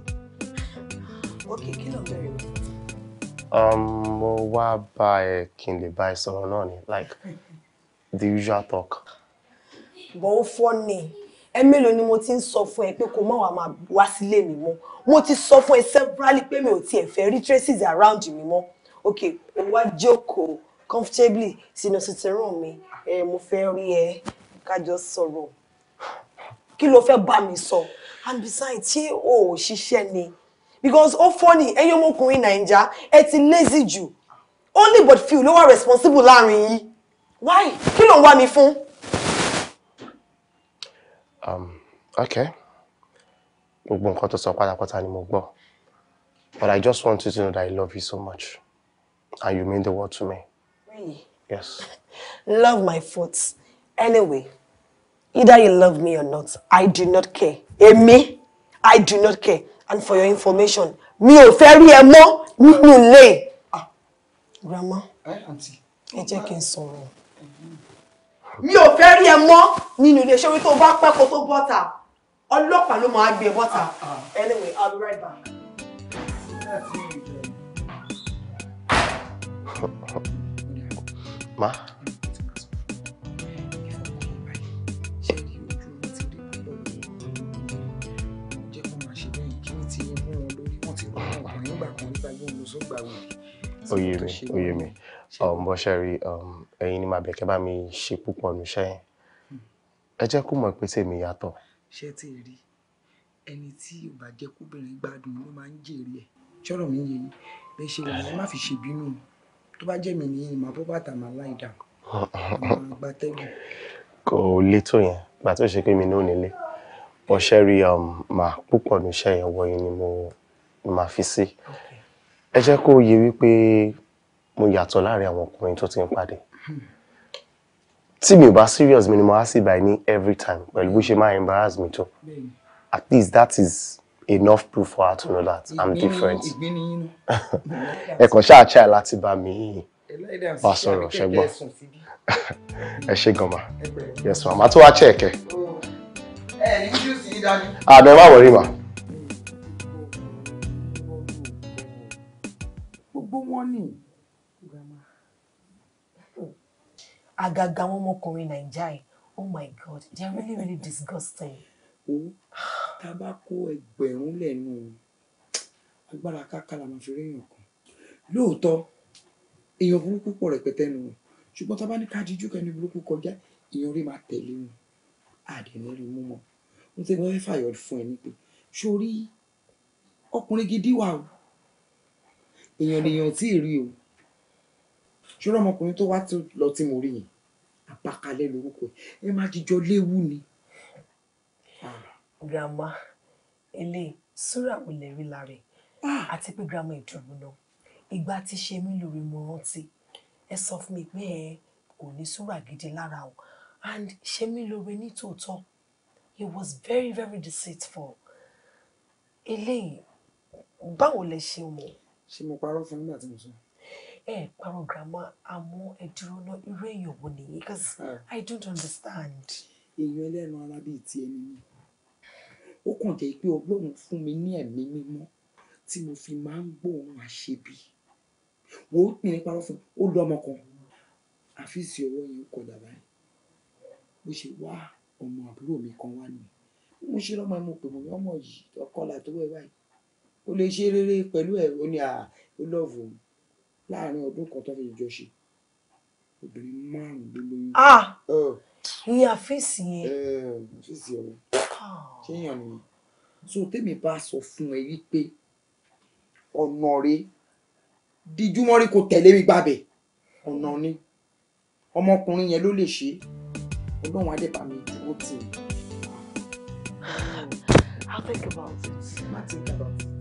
Okay, kí ló ń bẹ̀rẹ̀ mi? Um, mo wá bá ẹ kí n lè bá ẹ sọ̀rọ̀ náà ni like the usual talk. Bọ̀ ó fọ́ ni, ẹ mélòó ni mo ti ń sọ fún ẹ pé kó má wàá máa wá sílé mi mọ́. Mo ti sọ fún ẹ severally pé mi ò tiẹ̀ fẹ́ rí traces around mi mọ́. Okay, ó wá jókòó comfortably sínú sitting room mi, mo fẹ́ rí ẹ kájọ sọ̀rọ̀. Kí ló fẹ́ bá mi sọ? So? and besides ṣé o ò ṣiṣẹ́ ni because ó fọ́nì ẹ̀yin ọmọkùnrin nàìjà ẹ ti lazy jù only but few ló wà responsible láàrin yìí why kí ló ń wá mi fún. Um, okay gbogbo nǹkan tó sọ pátápátá ni mo gbọ́ but I just want you to know that I love you so much and you mean the world to me. Really? Yes. Love my faults anyway Either you love me or not, I do not care. Èmi, I do not care. And for your information, mi ò fẹ́ rí ẹ mọ́ nínú ilé. Ah, grandma, ẹ jẹ́ kí n sọ̀rọ̀. Mi ò fẹ́ rí ẹ mọ́ nínú ilé. Ṣé orí tó bá pẹ́ kó tó bọ́ta? Ọlọ́pàá ló máa gbé bọ́ta. Ah, ah, anyway, I'll be right back. Ma. sùn gbà wí. oyè mi oyè mi um, bó ṣe rí um, ẹ̀yin ni màá bẹ̀ bá mi ṣe púpọ̀ nu iṣẹ́ yẹn ẹ jẹ́ kó mọ̀ pé tèmi yàtọ̀. ṣé tí rí ẹni tí ò bá jẹ́ kóbìnrin gbádùn ló máa ń jèrè ẹ̀ ṣọ́rọ̀ mi yé yín bẹ́ẹ̀ ṣe wà ẹ má fi ṣèbínú tó bá jẹ́ mi ní ìmọ̀ bó bàtà máa láì dà kò le tó yẹn gbà tó ṣe pé mi náà nílé ọṣẹ rí um, màá púpọ̀ níṣẹ́ yẹn wọ̀nyí ni mo máa fi ẹ jẹ́ kó yé wípé mo yàtọ̀ láàrin àwọn ọkùnrin tó ti ń pàdé tí mi ò bá serious mi ni mo á sì báyìí ní every time pẹ̀lú bó ṣe máa embarrass mi tó at least that is enough proof for her to know that I'm different ẹ kàn ṣáà ṣáà láti bá mi yìí bá sọ̀rọ̀ ṣẹ́gbọ́n ẹ ṣe gan ma yes ma oh. ah, ma tó wá chẹ́ẹ̀kẹ́. ẹ ní má wọrí ma. gbogbo wọn ni. àgàgà àwọn ọmọkùnrin nàìjíríà yìí oh my god they are really really disgusting. o tá a bá kó ẹgbẹ̀rún lẹ́nu agbára káká la máa fi réyàn kan lóòótọ́ èèyàn burúkú pọ̀ rẹpẹtẹ nù ṣùgbọ́n tá a bá ní ká jíjú kẹ́ni burúkú kọjá èèyàn rí máa tẹ̀lé wọn àdìní rí mú mọ́ mo ti gbọ́ fẹ́ fàyọ̀ fún ẹ ní sórí ọkùnrin gidi wà o èèyàn lèèyàn tí ì rí o ṣùgbọ́n ọmọkùnrin tó wá lọ tí mo rí yẹn àpàkalẹ̀ lórúkọ ẹ má jíjọ léwu ni. Ah. grandma ele sora wo lè rí lára ẹ ah. àti pé grandma ìdùnnú náà ìgbà tí ṣe mí lórí mo rántí ẹ sọ fún mi pé ẹ kò ní sora gidi lára o and ṣe mí lórí ní tòótọ́ he was very very deceitful eléyìí báwo lẹ ṣe mọ̀ ṣé mo parọ́ fún nígbà tí mo sọ. ẹ parọ́ grandma àmọ́ ẹ dúró ná irú èèyàn wo nìyí because ah. i don't understand. èèyàn ẹlẹ́nu ara bíi ti ẹni mi ó kàn jẹ́ pé ọlọ́run fún mi ní ẹ̀mí mímọ́ tí mo fi máa ń gbóhùn àṣebí wo mi ní parọ́ fún ó lọ ọmọ kan àfíìsì ọwọ́ yẹn kọ dàbá yìí mo ṣe wá ọmọ àbúrò mi kan wá nù mo ṣe lọ́mọ ẹ mo pè mọ́ ọmọ yìí ọkọ làtọwọ́ ẹ báyìí o lè ṣe rere pẹ̀lú ẹ̀ o ní àá o lọ́ọ̀fù láàrin ọdún kan tó fi jọ ṣe obìnrin márùn ló lóyún. ìyá fèsì yẹn. fèsì ọ̀rọ̀ ah. ṣé èèyàn nìyẹn so tèmi bá sọ fún ẹ wípé ọ̀nà rẹ díjúmọ́ rí kò tẹ̀lé mi gbàbẹ̀ ọ̀nà ni ọmọkùnrin yẹn ló lè ṣe ọlọ́run adẹ́bà mi dúró tì í. I'll think about it. I'll think about it.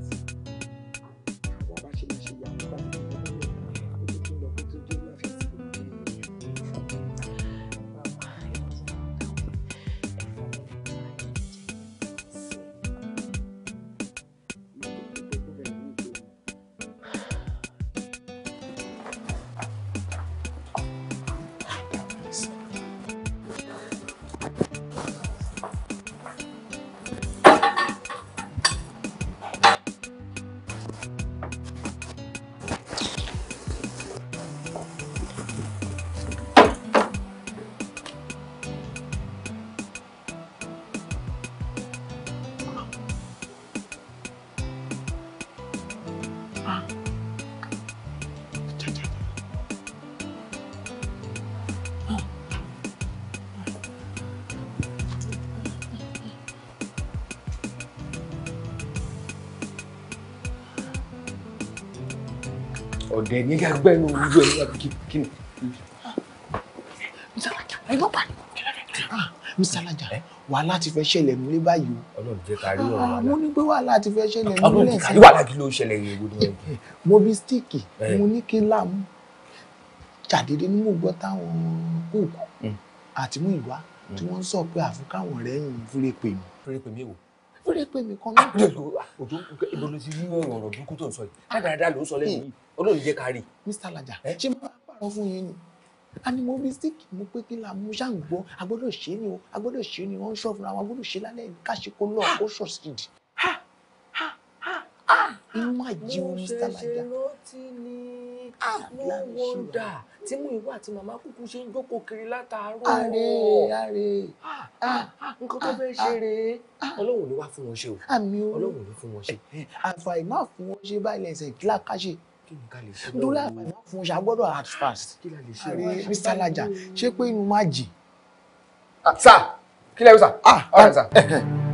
ọ̀dẹ̀ ní gbàgbẹ́ ní ojú ẹ̀ nígbà kí ni. Mr. Alaja ẹ lọ́pàá ah, Mr. Alaja wàhálà ti fẹ́ ṣẹlẹ̀ nílé báyìí o. Ọlọ́run jẹ́ ká rí ọ̀rọ̀ ah, wàhálà. mo ní pé wàhálà ti fẹ́ ṣẹlẹ̀ nílé ẹ̀sìn. Ọlọ́run wàhálà kí ló ṣẹlẹ̀ yẹn gbogbo ẹ̀. Eh, mo bí stíìkì eh. mo ní kí láàmú ṣàdédé ní mo gbọ́ táwọn kóòkù hmm. àti mú ìwá tí hmm. wọ́n ń sọ pé àfikàwọn rẹ̀ ń fúre pè mí. fúre pè mí wò fúre pè mí kan náà. ìbọn ló ti rí ọ̀rọ̀ burúkú tó ń sọ yìí. àgbàdàdà ló ń sọ lẹ́yìn hmm. yìí olóòlù jẹ́ kárí. Mr. Laja ṣé mo bá pààrọ̀ fún yín ni animal mistake mo pé kí la mo ṣáà ń gbọ́ a gbọ́dọ̀ ṣe é ni o a gbọ́dọ̀ ṣe é ni wọ́n ń ṣọ́ọ̀fù ra wọn a gbọ́dọ̀ ṣe é lálẹ́ ká ṣe kó lọ́ọ̀ kó ṣọ̀ skid. imagine Mr. Laja. mo ṣe rántí ni no wonder tí mú ìwọ àti màmá kúkú ṣe ń jókòó kiri látàárọ̀. àrè àrè. Ah, nǹkan tó ah, fẹ́ ah, ṣe rèé ọlọ́run ló wá fún wọn ṣe o ọlọ́run ló fún wọn ṣe. àǹfààní má fún wọn ṣe báyìí lẹ́sẹ̀ kíláàkà ṣe lórí àpàmọ́ fún ṣe agbọ́dọ̀ act fast Mr. Laja ṣé pé inú má jì. Ah, sir kí lẹ́yìn sir. ah ọ̀rẹ́ ah. sir.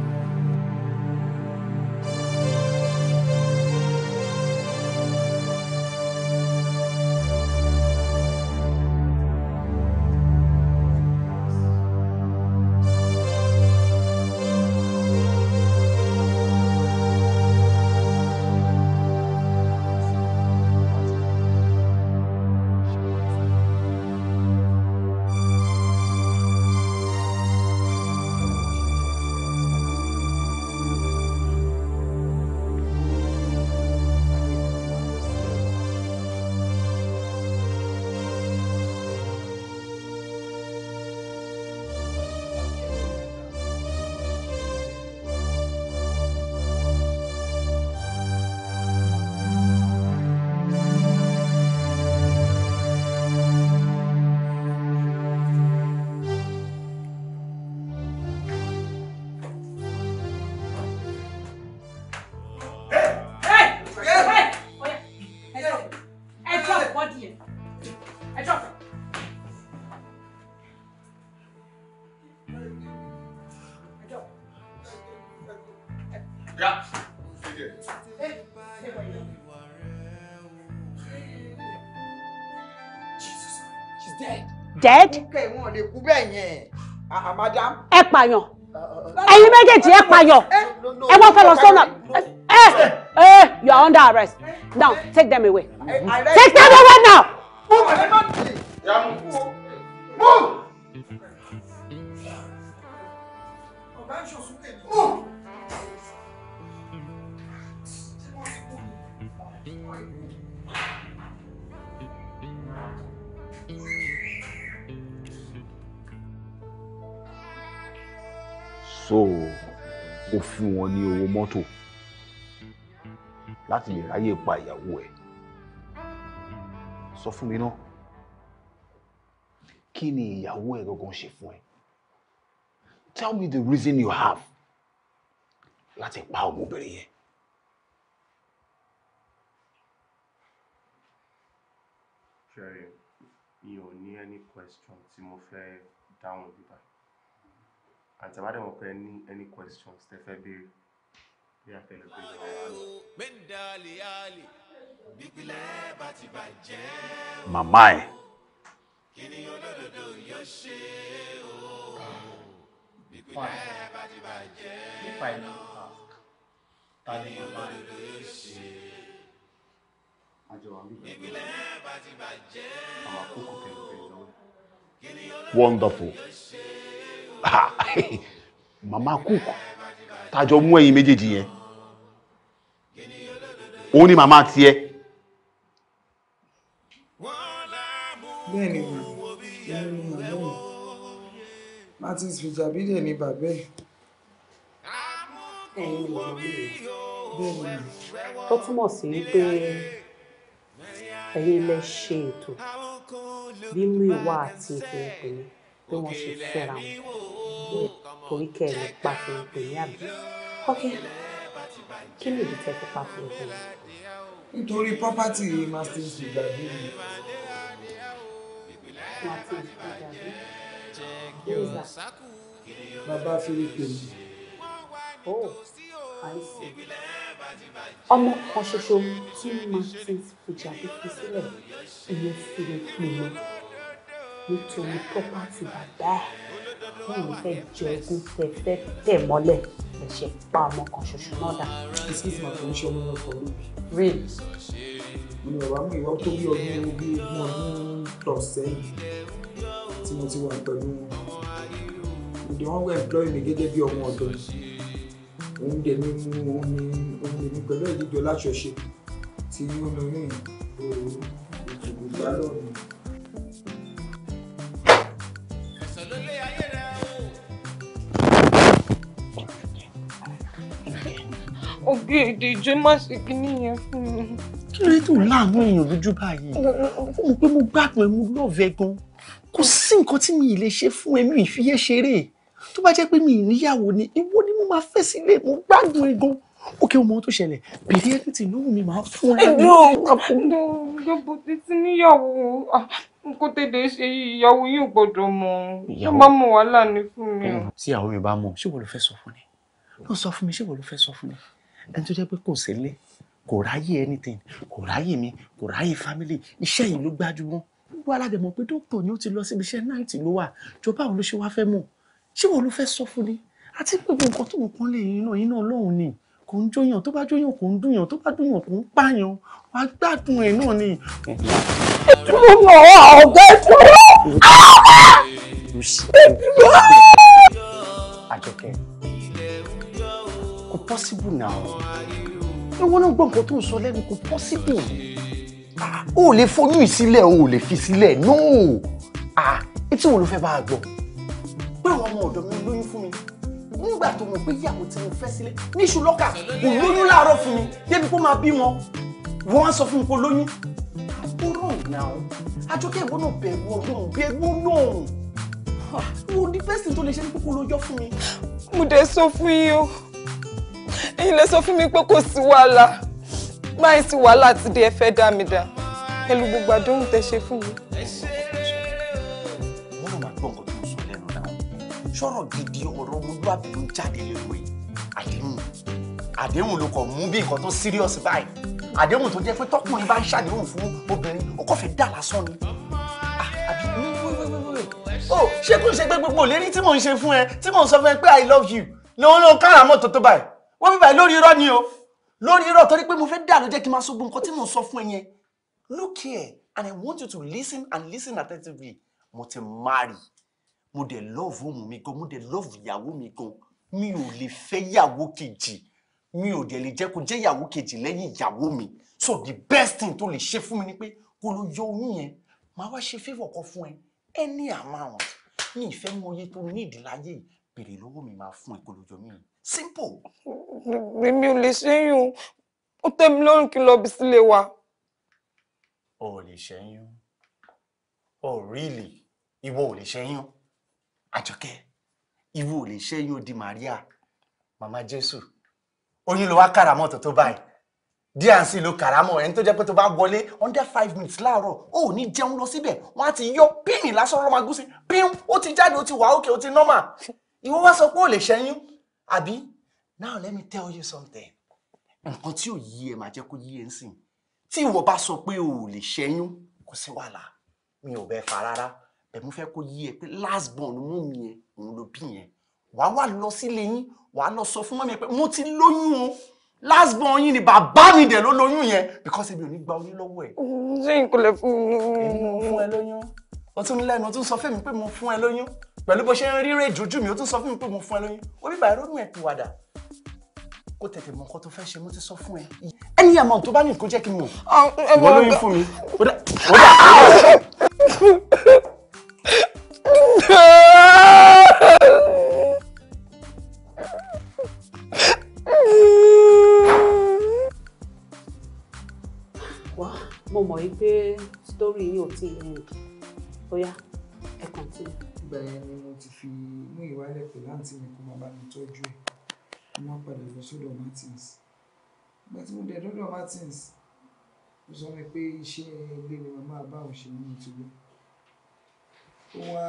dead. ẹ pààyàn ẹ̀yin méjèèjì ẹ pààyàn eh, ẹ wọ́n fẹ́ lọ sọ́nà ẹ ẹ eh, eh, you are under arrest now take them away take them away now. Move! so ó fún wọn ní owó mọ́tò láti lè ráyè pa ìyàwó ẹ̀ sọ fún mi náà kí ni ìyàwó ẹ̀ gangan ṣe fún ẹ tell me the reason you have láti pa ọmọbìnrin yẹn. ṣe mi ò ní any question tí mo fẹ́ dáhùn bíbáyìí àti àbádẹ mọ̀ pé ní any questions tẹ́ fẹ́ béèrè bí àfẹlẹ pé ìwà wà lọ. mẹ́ńdàlì àlè bípínlẹ̀ bá ti bàjẹ́ màmá ẹ̀. kí ni olódodo yóò ṣe o bípínlẹ̀ bá ti bàjẹ́ o kí ni olódodo yóò ṣe bípínlẹ̀ bá ti bàjẹ́ o. wonderful mama cook tájọ mú ẹyin méjèèjì yẹn òun ni màmá tiẹ̀. bẹ́ẹ̀ni mà èmi ni màmá mi martins fìjàbídè ni bàbá ẹ ẹ̀yin ni màmá mi bẹ́ẹ̀ni tó túmọ̀ sí pé ẹ̀yin lẹ ṣe ètò bí mú ìwà àti ìpínlẹ̀ pé wọ́n ṣe fẹ́ra wọn torí kẹ́ ẹ̀ lè pa fèrèpè ní àbí ọkẹ́ kí ni ìdí tẹ́ fi pa fèrèpè ní. nítorí property martin ti gbàgbé mi. martin ti gbàgbé bàbá fèrèpè mi. ó àìsàn ọmọ kan ṣoṣo tí martin fìjà fífi sílẹ̀ ìyẹn fèrèpè lọ nítorí property bàbá ẹ̀ wọ́n ò fẹ́ jẹ ogún fẹ́fẹ́ tẹ̀ mọ́lẹ̀ ẹ̀ ṣe pa ọmọ kan ṣoṣo náà dà. excuse me kò ń ṣe oyún ọkọ mi. real. mi ò wá mú ìwà tó bí ọdún bí ọgbọ̀n ọdún tọ̀ tí mo ti wà pẹ̀lú wọn. ìdí wọn wẹ̀ employ mi gẹ́gẹ́ bí ọmọ ọ̀dọ́ òun dẹ̀ mi mú omi òun mi pẹ̀lú ìdíjọ láṣọṣe tí ó lóyún ìgbòho ìgbòho ìgbàlódé. òbí èdè ìjọ má ṣe kíní yẹn fún mi. kí ló dé tó láàánú èèyàn lójú báyìí ó mọ pé mo gbádùn ẹ mo lọ́ọ̀vẹ́ gan kò sí nǹkan tí mi ì lè ṣe fún ẹ mi ì fi yé ṣeré tó bá jẹ́ pé mi ì níyàwó ni ìwọ ni mo máa fẹ́ sílé mo gbádùn ẹ gan òkè ọmọ tó ṣẹlẹ̀ bèrè ẹni tí inú mi máa fún ẹ. ẹ̀dọ́ ẹ̀dọ́ gbogbo títí níyàwó kó tètè ṣe ìyàwó yìí gbọ́dọ̀ mọ̀ tó bá mọ̀ wàhálà ní fún mi. tí àwọn mi bá mọ̀ ṣé wo ló fẹ́ sọ fún ni ló sọ fún mi ṣé wo ló fẹ́ sọ fún ni ẹni tó jẹ́ pé kò sílé kò ráyè anything kò ráyè mi kò ráyè family iṣẹ́ yìí ló gbájú mọ́ gbogbo aládẹ̀mọ̀ pé dókítà ni ó ti lọ síbi iṣẹ́ náìtì ló wà jọ báwo ló ṣe wá fẹ́ mọ̀ ṣé wo ló fẹ́ sọ fún ni àti gbogbo nǹkan tó ń pọ́n lè yín náà yín náà lọ́hùn ni kò ń jóyàn tó bá jóyàn kò ń dùnyàn tó bá dùnyàn kò ń pààyàn wà á gbádùn ẹ̀ náà ni. ìdúró ọ̀gá ìdúró àjọkẹ́ kò possible náà ìwọ náà gbọ́ nǹkan tó ń sọ lẹ́nu kò possible ah, o ò lè fojú ìsílẹ̀ o ò lè fi sílẹ̀ no ah etí wo ló fẹ́ bá a gbọ́ pé àwọn ọmọ ọ̀dọ́ mi lóyún fún mi nígbà tó mọ̀ pé ìyàwó tí mo fẹ́ sílẹ̀ níṣu lọ́kà kò lóyún láàárọ̀ fún mi débi kó máa bímọ wọ́n á sọ fún mi kó lóyún àbúrò náà àjọkẹ́ ìwọ náà bẹ̀rù ọdún bẹ̀rù náà wo the best thing tó lè ṣe ní kókó lójọ́ fún mi. mo dẹ̀ sọ fún yín o ẹ̀yin lẹ sọ fún mi pé kò sí wàhálà máa sí wàhálà àti dé ẹ fẹ́ dá mi dá pẹ̀lú gbogbo àdéhùn tẹ ṣe fún mi. wọ́n náà máa gbọ́ nǹkan tó ń sọ lẹ́nu náà sọ̀rọ̀ gidi ọ̀rọ̀ olúwàbí ló jáde lẹ́nu yìí àdéhùn àdéhùn ló kọ̀ mú bí nǹkan tó serious báyìí àdéhùn tó jẹ́ pé tọkùnrin bá ń ṣàdéhùn fún obìnrin ó kọ́ fẹ́ dà lásán ni ah, àbí ó oh, ṣé kò ṣe pé gbogbo ìlérí tí mò ń ṣe fún ẹ tí mò ń sọ fún ẹ pé i love you lòun ló kára mọ́tò tó báyìí wọ́n fi báyìí lórí irọ́ ni o lórí irọ́ torí pé mo fẹ́ dà ló jẹ́ kí n máa sọ gbogbo tí mò sọ fún ẹ look here and I want you to listen and listen attentively mo ti marry mo dẹ̀ love ọmọ mi gan mo dẹ̀ love ìyàwó mi gan mi ò lè fẹ́ ìyàwó kejì mi ò dẹ̀ lè jẹ́ kó jẹ́ ìyàwó kejì lẹ́yìn ìyàwó mi so the best thing tó lè ṣe fún mi ni pé kó lọ yọ oyún yẹn máa wá ṣe favour kan fún ẹ any amount ní ìfẹ́ mọ iye tó ní ìdíláyé bèrè lọ́wọ́ mi máa fún ẹ kó lọ yọ oyún yẹn simple. mi ò lè ṣẹ́yún ó tẹ́ mi lọ́rùn kí n lọ bí sílé wa. o ò lè ṣẹ́yún o really ìwọ ò lè ṣẹ́yún àjọkẹ́ ìwọ ò lè ṣẹ́yún odi Maria màmá Jésù oyún ló wá kàràmọ́ tó tó báyìí dnc ló kàràmọ́ ẹni tó jẹ́ pé tó bá wọlé under five minutes láàárọ̀ ó ò ní jẹun lọ síbẹ̀ wọ́n á ti yọ pínì lásán ọlọ́mọ agúsí pín ó ti jáde ó ti wà ókè ó ti nọ́mà ìwọ wá sọ pé ó lè ṣẹ́yún Abi, now let me tell you something nǹkan tí ò yí ẹ máa jẹ́ kó yí ẹ ń sìn tí ìwọ bá sọ pé o ò lè ṣẹ́yún kò sí wàhálà mi ò bẹ fa rárá bẹ́ẹ̀ fẹ́ kó yí ẹ pé last born mú mi yẹn òun ló bí yẹn wàá wà lọ sílé yín wàá lọ sọ fún mọ́mi pé mo ti lóyún o last born yín ni bàbá mi dẹ̀ ló lóyún yẹn because èmi ò ní gba oyún lọ́wọ́ ẹ̀. ṣé n kò lè fún un. èmi mo fún ẹ lóyún o tún lẹ́nu o tún sọ fún mi pé mo fún ẹ lóyún pẹ̀lú bó ṣe ń ríre ìjòjú mi ó tún sọ fún mi pé mo fún ẹ lóyún ó bíbà ẹ rónú ẹ pé kó tètè mọ nǹkan tó fẹ́ ṣe mo ti sọ fún ẹ ẹni àmọ́ tó bá ní nǹkan jẹ́ kí n mọ̀ ìwọ lóyún fún mi wá mo mọ̀ yí pé sítórí yìí ò tí ì rìn bóyá ẹ kàn tí ì ìgbà yẹn ni mo ti fi mú ìwálẹ̀ pẹ̀lú àǹtí mi kó máa bá mi tọ́jú ẹ̀ mo máa padà lọ sọ́dọ̀ Martins ìgbà tí mo dẹ̀ dọ́dọ̀ Martins ó sọ mi pé iṣẹ́ ilé ni màmá bá òun ṣe nínú tìlú ó wá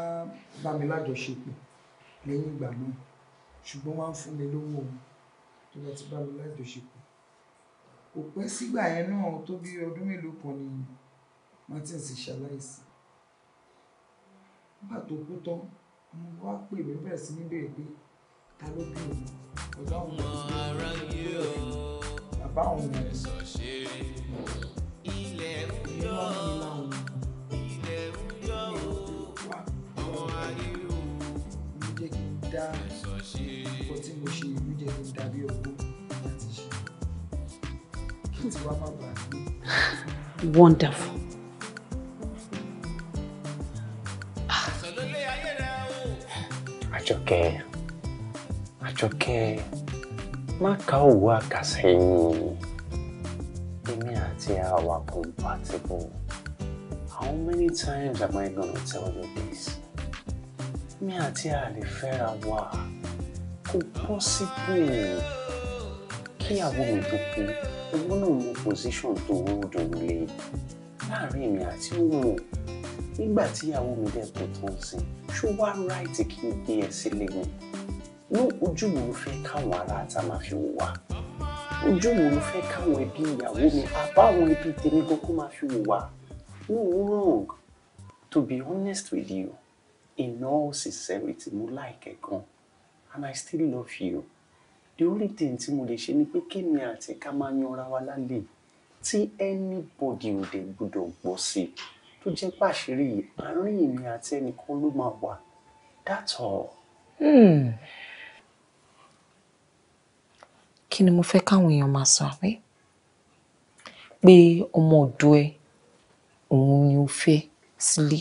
bá mi lájọṣepọ̀ lẹ́yìn ìgbà náà ṣùgbọ́n wá ń fún mi lówó òun tó bá ti bá mi lájọṣepọ̀ kò pẹ́ sígbà yẹn náà tó bí ọdún mélòó kan ni Martins ṣaláìsí nígbà tó kú tán mo wá pè mí bẹ̀rẹ̀ sí ní bèrè pé ta ló bí òun ọ̀dọ́ àwọn ọmọ ara yé o bàbá àwọn ọmọ ẹ̀sọ́ ṣe ilẹ̀ ń yọ ilẹ̀ ń yọ ọmọ ayé o mo jẹ́ kí n dá ọkọ tí mo ṣe ìlú jẹ́ kí n dàbí ọgbọ́n láti ṣe kí n ti wá má bàa gbé. wonderful. Àjọkẹ́, Àjọkẹ́, má ka òwú àkàsẹ́yìn. Èmi àti a wà compatible. How many times am I gonna tell you this? Èmi àti a lè fẹ́ra wa. possible. Kíyàwó mi tó kú, owó náà mú position tó ń dùn lé. Láàárín èmi àti òun nígbà tí ìyàwó mi dẹ̀ tó tó ń sìn ṣó wá ráìtì kí n gbé ẹ sílé mi ní ojú wo ló fẹ́ káwọn ará ta máa fi wò wá ojú wo ló fẹ́ káwọn ẹbí ìyàwó mi àbáwọn ẹbí tèmi gan máa fi wò wá no wrong to be honest with you in all sincerity mo like ẹ gan and I still love you the only thing tí mo lè ṣe ni pé kémi àti ká máa yanra wa lálẹ́ tí anybody ò dẹ̀ gbọ́dọ̀ gbọ́ sí i tó jẹ́ pàṣírí àárín èmi àti ẹnìkan ló máa wà that's all. Hmm. kí ni mo fẹ́ káwọn èèyàn máa sọ àpé pé ọmọ ọ̀dọ́ ẹ òun ni o fẹ́ sílé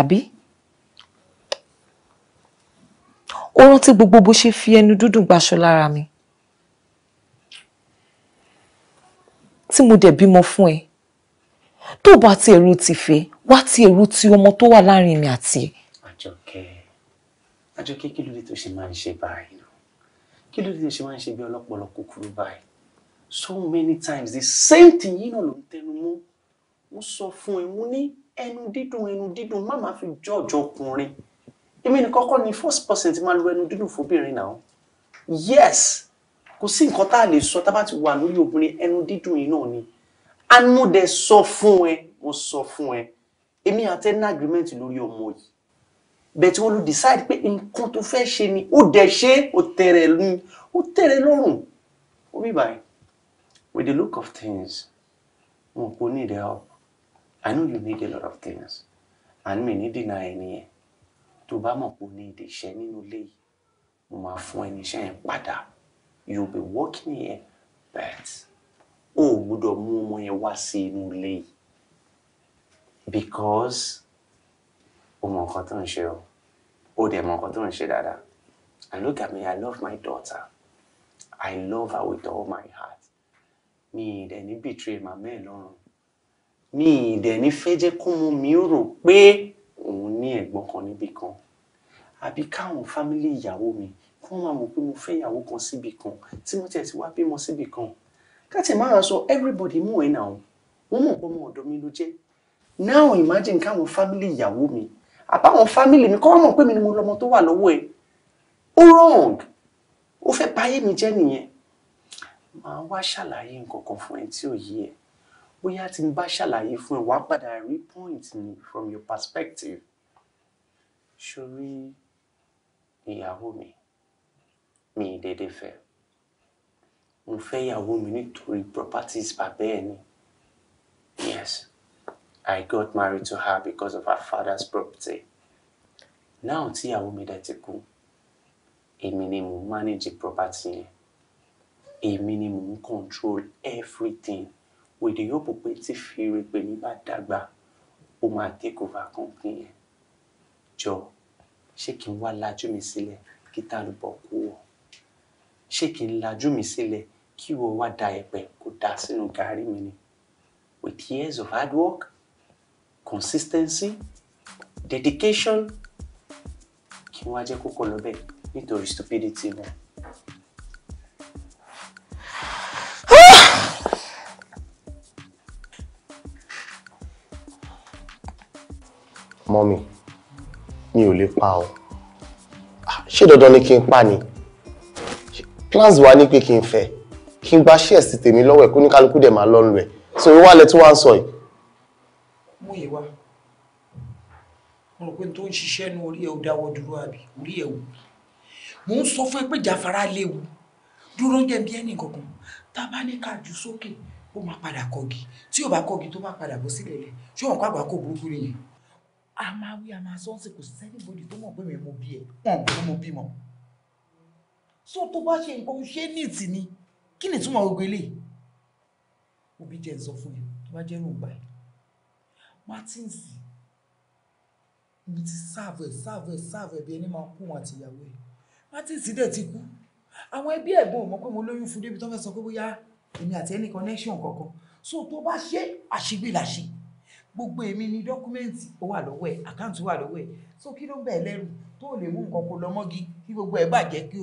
àbí ó rántí gbogbo bó ṣe fi ẹnu dúdùn gbaṣọ lára mi tí mo dẹ̀ bímọ fún ẹ tó bá ti ẹ̀rù ti fẹ́ wá ti ẹ̀rù ti ọmọ tó wà láàrin mi àti ẹ̀. àjọkẹ́ àjọkẹ́ kí ló dé tó ṣe máa ń ṣe báyìí kí ló dé tó ṣe máa ń ṣe bí ọlọ́pọlọ kúkúrú báyìí so many times the same thing yìí náà ló ń tẹnu mọ́ mo sọ fún ẹ mo ní ẹnu dídùn ẹnu dídùn má máa fi jọ́ọ̀jọ́ ọkùnrin èmi ní kọ́kọ́ ni first person ti máa lo ẹnu dídùn fóbìnrin náà yes kò sí nǹkan tá a lè sọ tá a bá ti wà lórí obìnrin ẹnu dídùn yìí náà ni and mo dẹ̀ sọ fún ẹ mo sọ fún ẹ èmi àti ẹ ní agreement lórí ọmọ yìí bẹ̀tí wọ́n ló decide pé nǹkan tó fẹ́ ṣe ni ó dẹ̀ ṣe ó tẹ̀rẹ̀ lu ó tẹ̀rẹ̀ lọ́rùn ó bí báyìí with the look of things wọn kò need help I know you need a lot of things and me ní dènà ẹni yẹn tó bá mọ̀ pé o ní ìdè iṣẹ́ nínú ilé yìí mo máa fún ẹni iṣẹ́ yẹn padà you be working here but o ò gbọ́dọ̀ mú ọmọ yẹn wá sí inú ilé yìí because o mọ nǹkan tó ń ṣe o o dẹ̀ mọ nǹkan tó ń ṣe dáadáa and look at me I love my daughter I love her with all my heart mi ì dẹ̀ ní betray màmá ẹ̀ lọ́rùn mi ì dẹ̀ ní fẹ́ jẹ́ kó mú mi rò pé òun ní ẹ̀gbọ́n kan níbì kan àbí káwọn fámílì ìyàwó mi kí wọ́n máa mọ̀ pé mo fẹ́ ìyàwó kan síbì kan tí mo tẹ̀ ti wá bímọ síbì kan káti máa sọ everybody mú ẹ náà wọn mọ̀ pé ọmọ mi ló jẹ́ now imagine káwọn family ìyàwó mi àbáwọn family mi kọ́ wọn mọ̀ pé mi ni mo lọ́mọ tó wà lọ́wọ́ ẹ ó wrong ó fẹ́ báyé mi jẹ́ nìyẹn màá wá ṣàlàyé nǹkan fún ẹ tí ò yé ẹ bóyá tí n bá ṣàlàyé fún ẹ wàá padà rí point mi from your perspective ṣorí ìyàwó mi mi dédé fẹ́ mo fẹ́ ìyàwó mi nítorí properties bàbá ẹ̀ ni. Yes, I got married to her because of her father's property. Now tí ìyàwó mi dẹ̀ ti kú, èmi ni mo manage property yẹn. Èmi ni mo control everything with the hope pé tí fìrè pé mi bá dàgbà, ó máa take over company yẹn. Jọ, ṣé kí n wá lajú mi sílẹ̀ kí tálùbọ̀ kú wọ̀? ṣé kí n lajú mi sílẹ̀ kí wọ́n wá da ẹ̀pẹ̀ kó da sínú gàárì mi ni with years of hard work consistency dedication kí wọ́n á jẹ́ kókó lọ bẹ́ẹ̀ nítorí stupidity wọn. mọ́mì mi ò lè pa ọ́ ṣé dandan ni kí n pa ni plans wa ni pé kí n fẹ́ kí n gba shares ti tèmi lọ́wọ́ ẹ̀ kó ní kálukú dẹ̀ máa lọ́nu ẹ̀ so ìwà alẹ́ tí wọ́n ń sọ yìí. mú ìwà mo rò pé tó ń ṣiṣẹ́ nu orí ẹ̀ ò dáwọ́ dúró àbí orí ẹ̀ wù mò ń sọ fún ẹ pé jàfara léwu dúró jẹ́ bí ẹnì kankan tá a bá ní ká sókè ó máa padà kọgi tí ò bá kọgi tó máa padà bọ́ sílẹ̀ lẹ̀ ṣé wọn kó àgbà kó burúkú nìyẹn. a máa wí a máa sọ ọ́n sẹ́ni bòdì tó mọ̀ pé mi mo bí ẹ wọn kò mọ̀ bímọ. so tó bá ṣe nǹkan ṣé ní ìtì ni kí ni ìtumọ̀ gbogbo eléyìí òbí jẹ́ ìsọ fún ẹ tó bá jẹ́ ní ẹ̀ Martins mo ti sáàbù ẹ̀ sáàbù ẹ̀ sáàbù ẹ̀ bí ẹni máa kú wọn àti ìyàwó ẹ̀ Martins dẹ̀ ti kú àwọn ẹbí ẹ̀gbọ́n mọ̀ pé mo lóyún fún débi tó fẹ́ sọ pé bóyá èmi àti ẹni connection kankan so tó bá ṣe àṣegbè làṣe gbogbo èmi ni dọ́kúmẹ́ǹtì wà lọ́wọ́ ẹ̀ àkáǹtì wà lọ́wọ́ ẹ̀ so kí ló ń bẹ̀ lẹ́rù tó lè mú nǹkan kó lọ́mọ́gi kí gbogbo ẹ̀ bàjẹ́ kí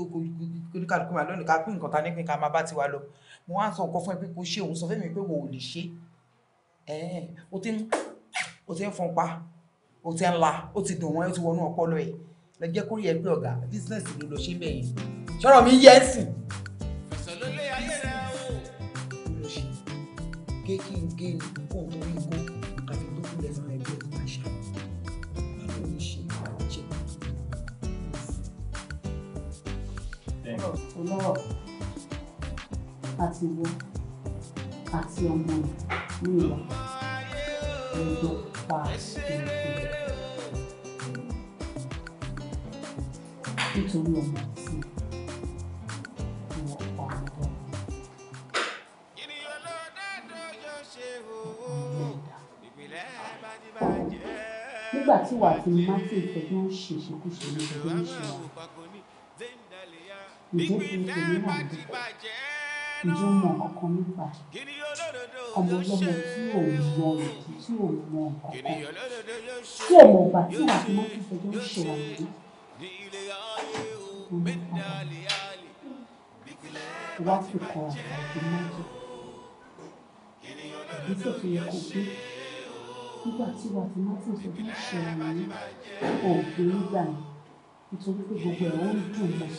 oníkàlùkù máa lónìí ká pín nǹkan ta nípìn ká máa bá tiwa lọ mo wá ń sọ nǹkan fún ẹ pé kò ṣe òun sọ fún mi pé wò ó lè ṣe o ti ń o ti ń fọn pa o ti ń la o ti dùn wọn o ti wọnú ọpọlọ ẹ lọ jẹ́ kó rí ẹ pé ọ̀gá bísínẹ́sì ló lọ ṣe bẹ́ẹ̀ yẹn ṣọ́rọ̀ mi yẹ ẹ́ sìn. sọlọ́lé ayé rẹ o. kí n gé ní kóun tó ń kó àfi tó kú lẹ́sìn. ọlọ́rọ̀ àti wọ àti ọmọ ní ìwà ẹjọ́ pa ìrìnkúrò nítorí ọmọ àti nígbà tí wàá ti máa ti ìfẹ́ tó ń ṣe ìṣekúṣe ní ìfẹ́ tó ń ṣe wà ìjẹ́ èmi náà dé ìjọ mọ ọkàn nípa ọmọlọmọ tí ò yọ òdì tí ò mọ ọkàn tí ò mọ ọgbà tí wàá fi mọ́tò fẹjọ́ ṣe àlè wá fi kọ ìmọ̀tò ìgbésẹ̀ tó yẹ kó gbé nígbà tí wàá fi mọ́tò fẹjọ́ ṣe àlè òògùn nígbà yẹn nítorí pé gbogbo ẹ̀ ó ń dùn mọ́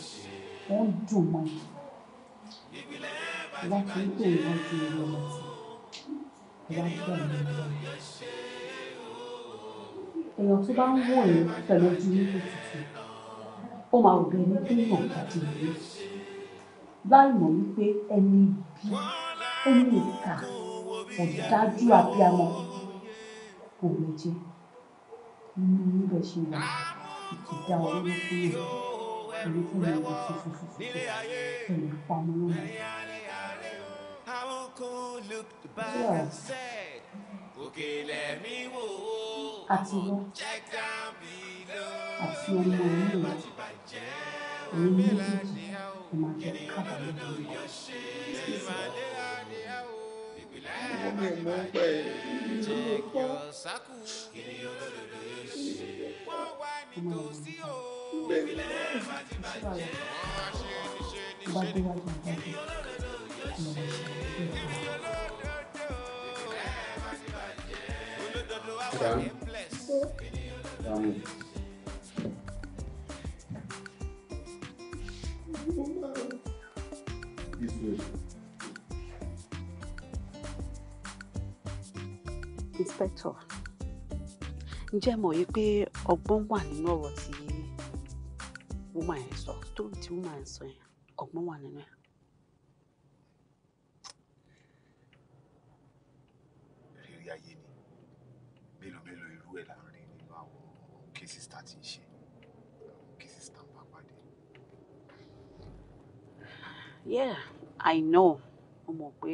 ó dùn mọ́ ẹ wá kí n pè é wọ́n ju ìwé lọ èèyàn tó bá ń wò ẹ́ pẹ̀lú ojú nílé tuntun ó máa wù ẹni tó yàn kàdé ìwé láì mọ̀ wípé ẹni bí ẹni ìka ọ̀dájú abiyamọ kò lè jẹ́ inú níbẹ̀ ṣe wà ìdá olókùnrin ẹrù rẹ wọ nílé ayé ẹ̀yìn alẹ́ alẹ́ o. Àwọn kan looked back and said, check down below, ilẹ̀ má ti bàjẹ́, omi là ní a o, kìnìún lòdò Check your circle, o pé bá Inspector ǹjẹ́ mọ̀ yí pé ọgbọ́n wà nínú ọ̀rọ̀ tí woman yẹn sọ story tí woman yẹn sọ yẹn ọgbọ́n wà nínú ẹ̀. rírí ayé ni mélòó mélòó irú ẹ̀ là ń rí nínú àwọn cases tá ti ń ṣe cases tá ń bá pàdé. yeah i know mo mọ̀ pé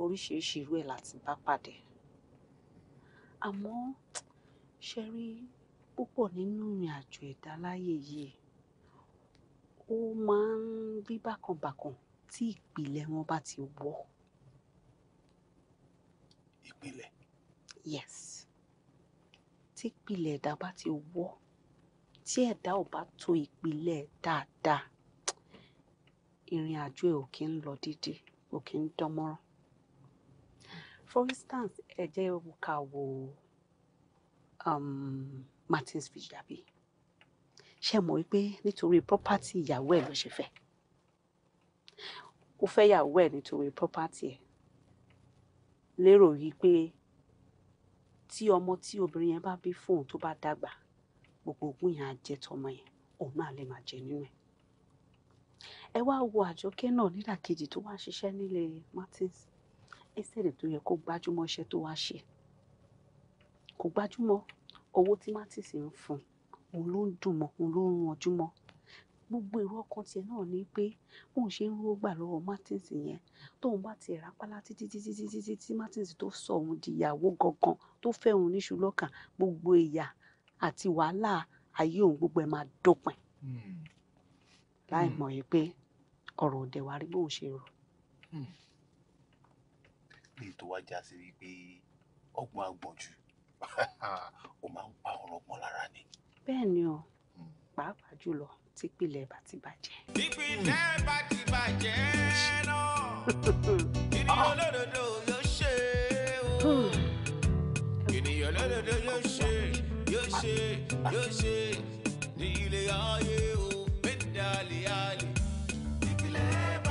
oríṣiríṣi irú ẹ̀ láti bá pàdé àmọ́ ṣe rí púpọ̀ nínú ìrìn àjò ẹ̀dá yìí ó máa ń rí bákan bákan tí ìpìlẹ̀ wọn bá ti wọ̀. ìpìlẹ̀. yes tí ìpìlẹ̀ ẹ̀dá bá ti wọ̀ tí ẹ̀dá ò bá tò ìpìlẹ̀ dáadáa ìrìn àjò ẹ̀ ò kí ń lọ déédéé ò kí ń dánmọ́rán. for instance ẹ jẹ́ ká wo um, Martins Fijlabi ṣe mọ̀ wípé nítorí property ìyàwó ẹ̀ ló ṣe fẹ́ ó fẹ́ yàwó ẹ̀ nítorí property ẹ̀ lérò wípé tí ọmọ tí obìnrin yẹn bá bí fóun tó bá dàgbà gbogbo ogún yẹn á jẹ tọmọ yẹn òun náà lè máa jẹ nínú ẹ̀ ẹ wá wo àjọkẹ́ náà nídàkejì tó wá ṣiṣẹ́ nílé Martins ẹsẹ̀rẹ̀ tó yẹ kó gbájúmọ́ iṣẹ́ tó wá ṣe kò gbájúmọ́ owó tí Martins ń fún òun ló ń dùn mọ́ òun ló ń rún ọjú mọ́ gbogbo èrò ọkàn tiẹ̀ náà ni pé bóun ṣe ń rówó gbà lọ́wọ́ Martins yẹn tóun bá tiẹ̀ rápálá títí títí títí títí Martins tó sọ òun di ìyàwó gangan tó fẹ́ òun níṣu lọ́kàn gbogbo ìyà àti wàhálà ayé òun gbogbo ẹ̀ máa dópin hmm. láì hmm. mọ̀ yìí pé ọ̀rọ̀ òde wa rí bóun ṣe rò. bí ètò wa já sí wípé ọgbọ́n àgbọ̀njù ó máa ń pa ọ̀rọ̀ ọgbọ́n lára ni bẹ́ẹ̀ ni o pàápàá jùlọ típìlẹ̀ bá ti bàjẹ́. típìlẹ̀ bá ti bàjẹ́ náà ènìyàn ah. olódodo yóò ṣe o ènìyàn hmm. olódodo yóò ṣe yóò ṣe yóò ṣe ní ilé ayé o mẹ́tàlẹ́ àlè típìlẹ̀ bá.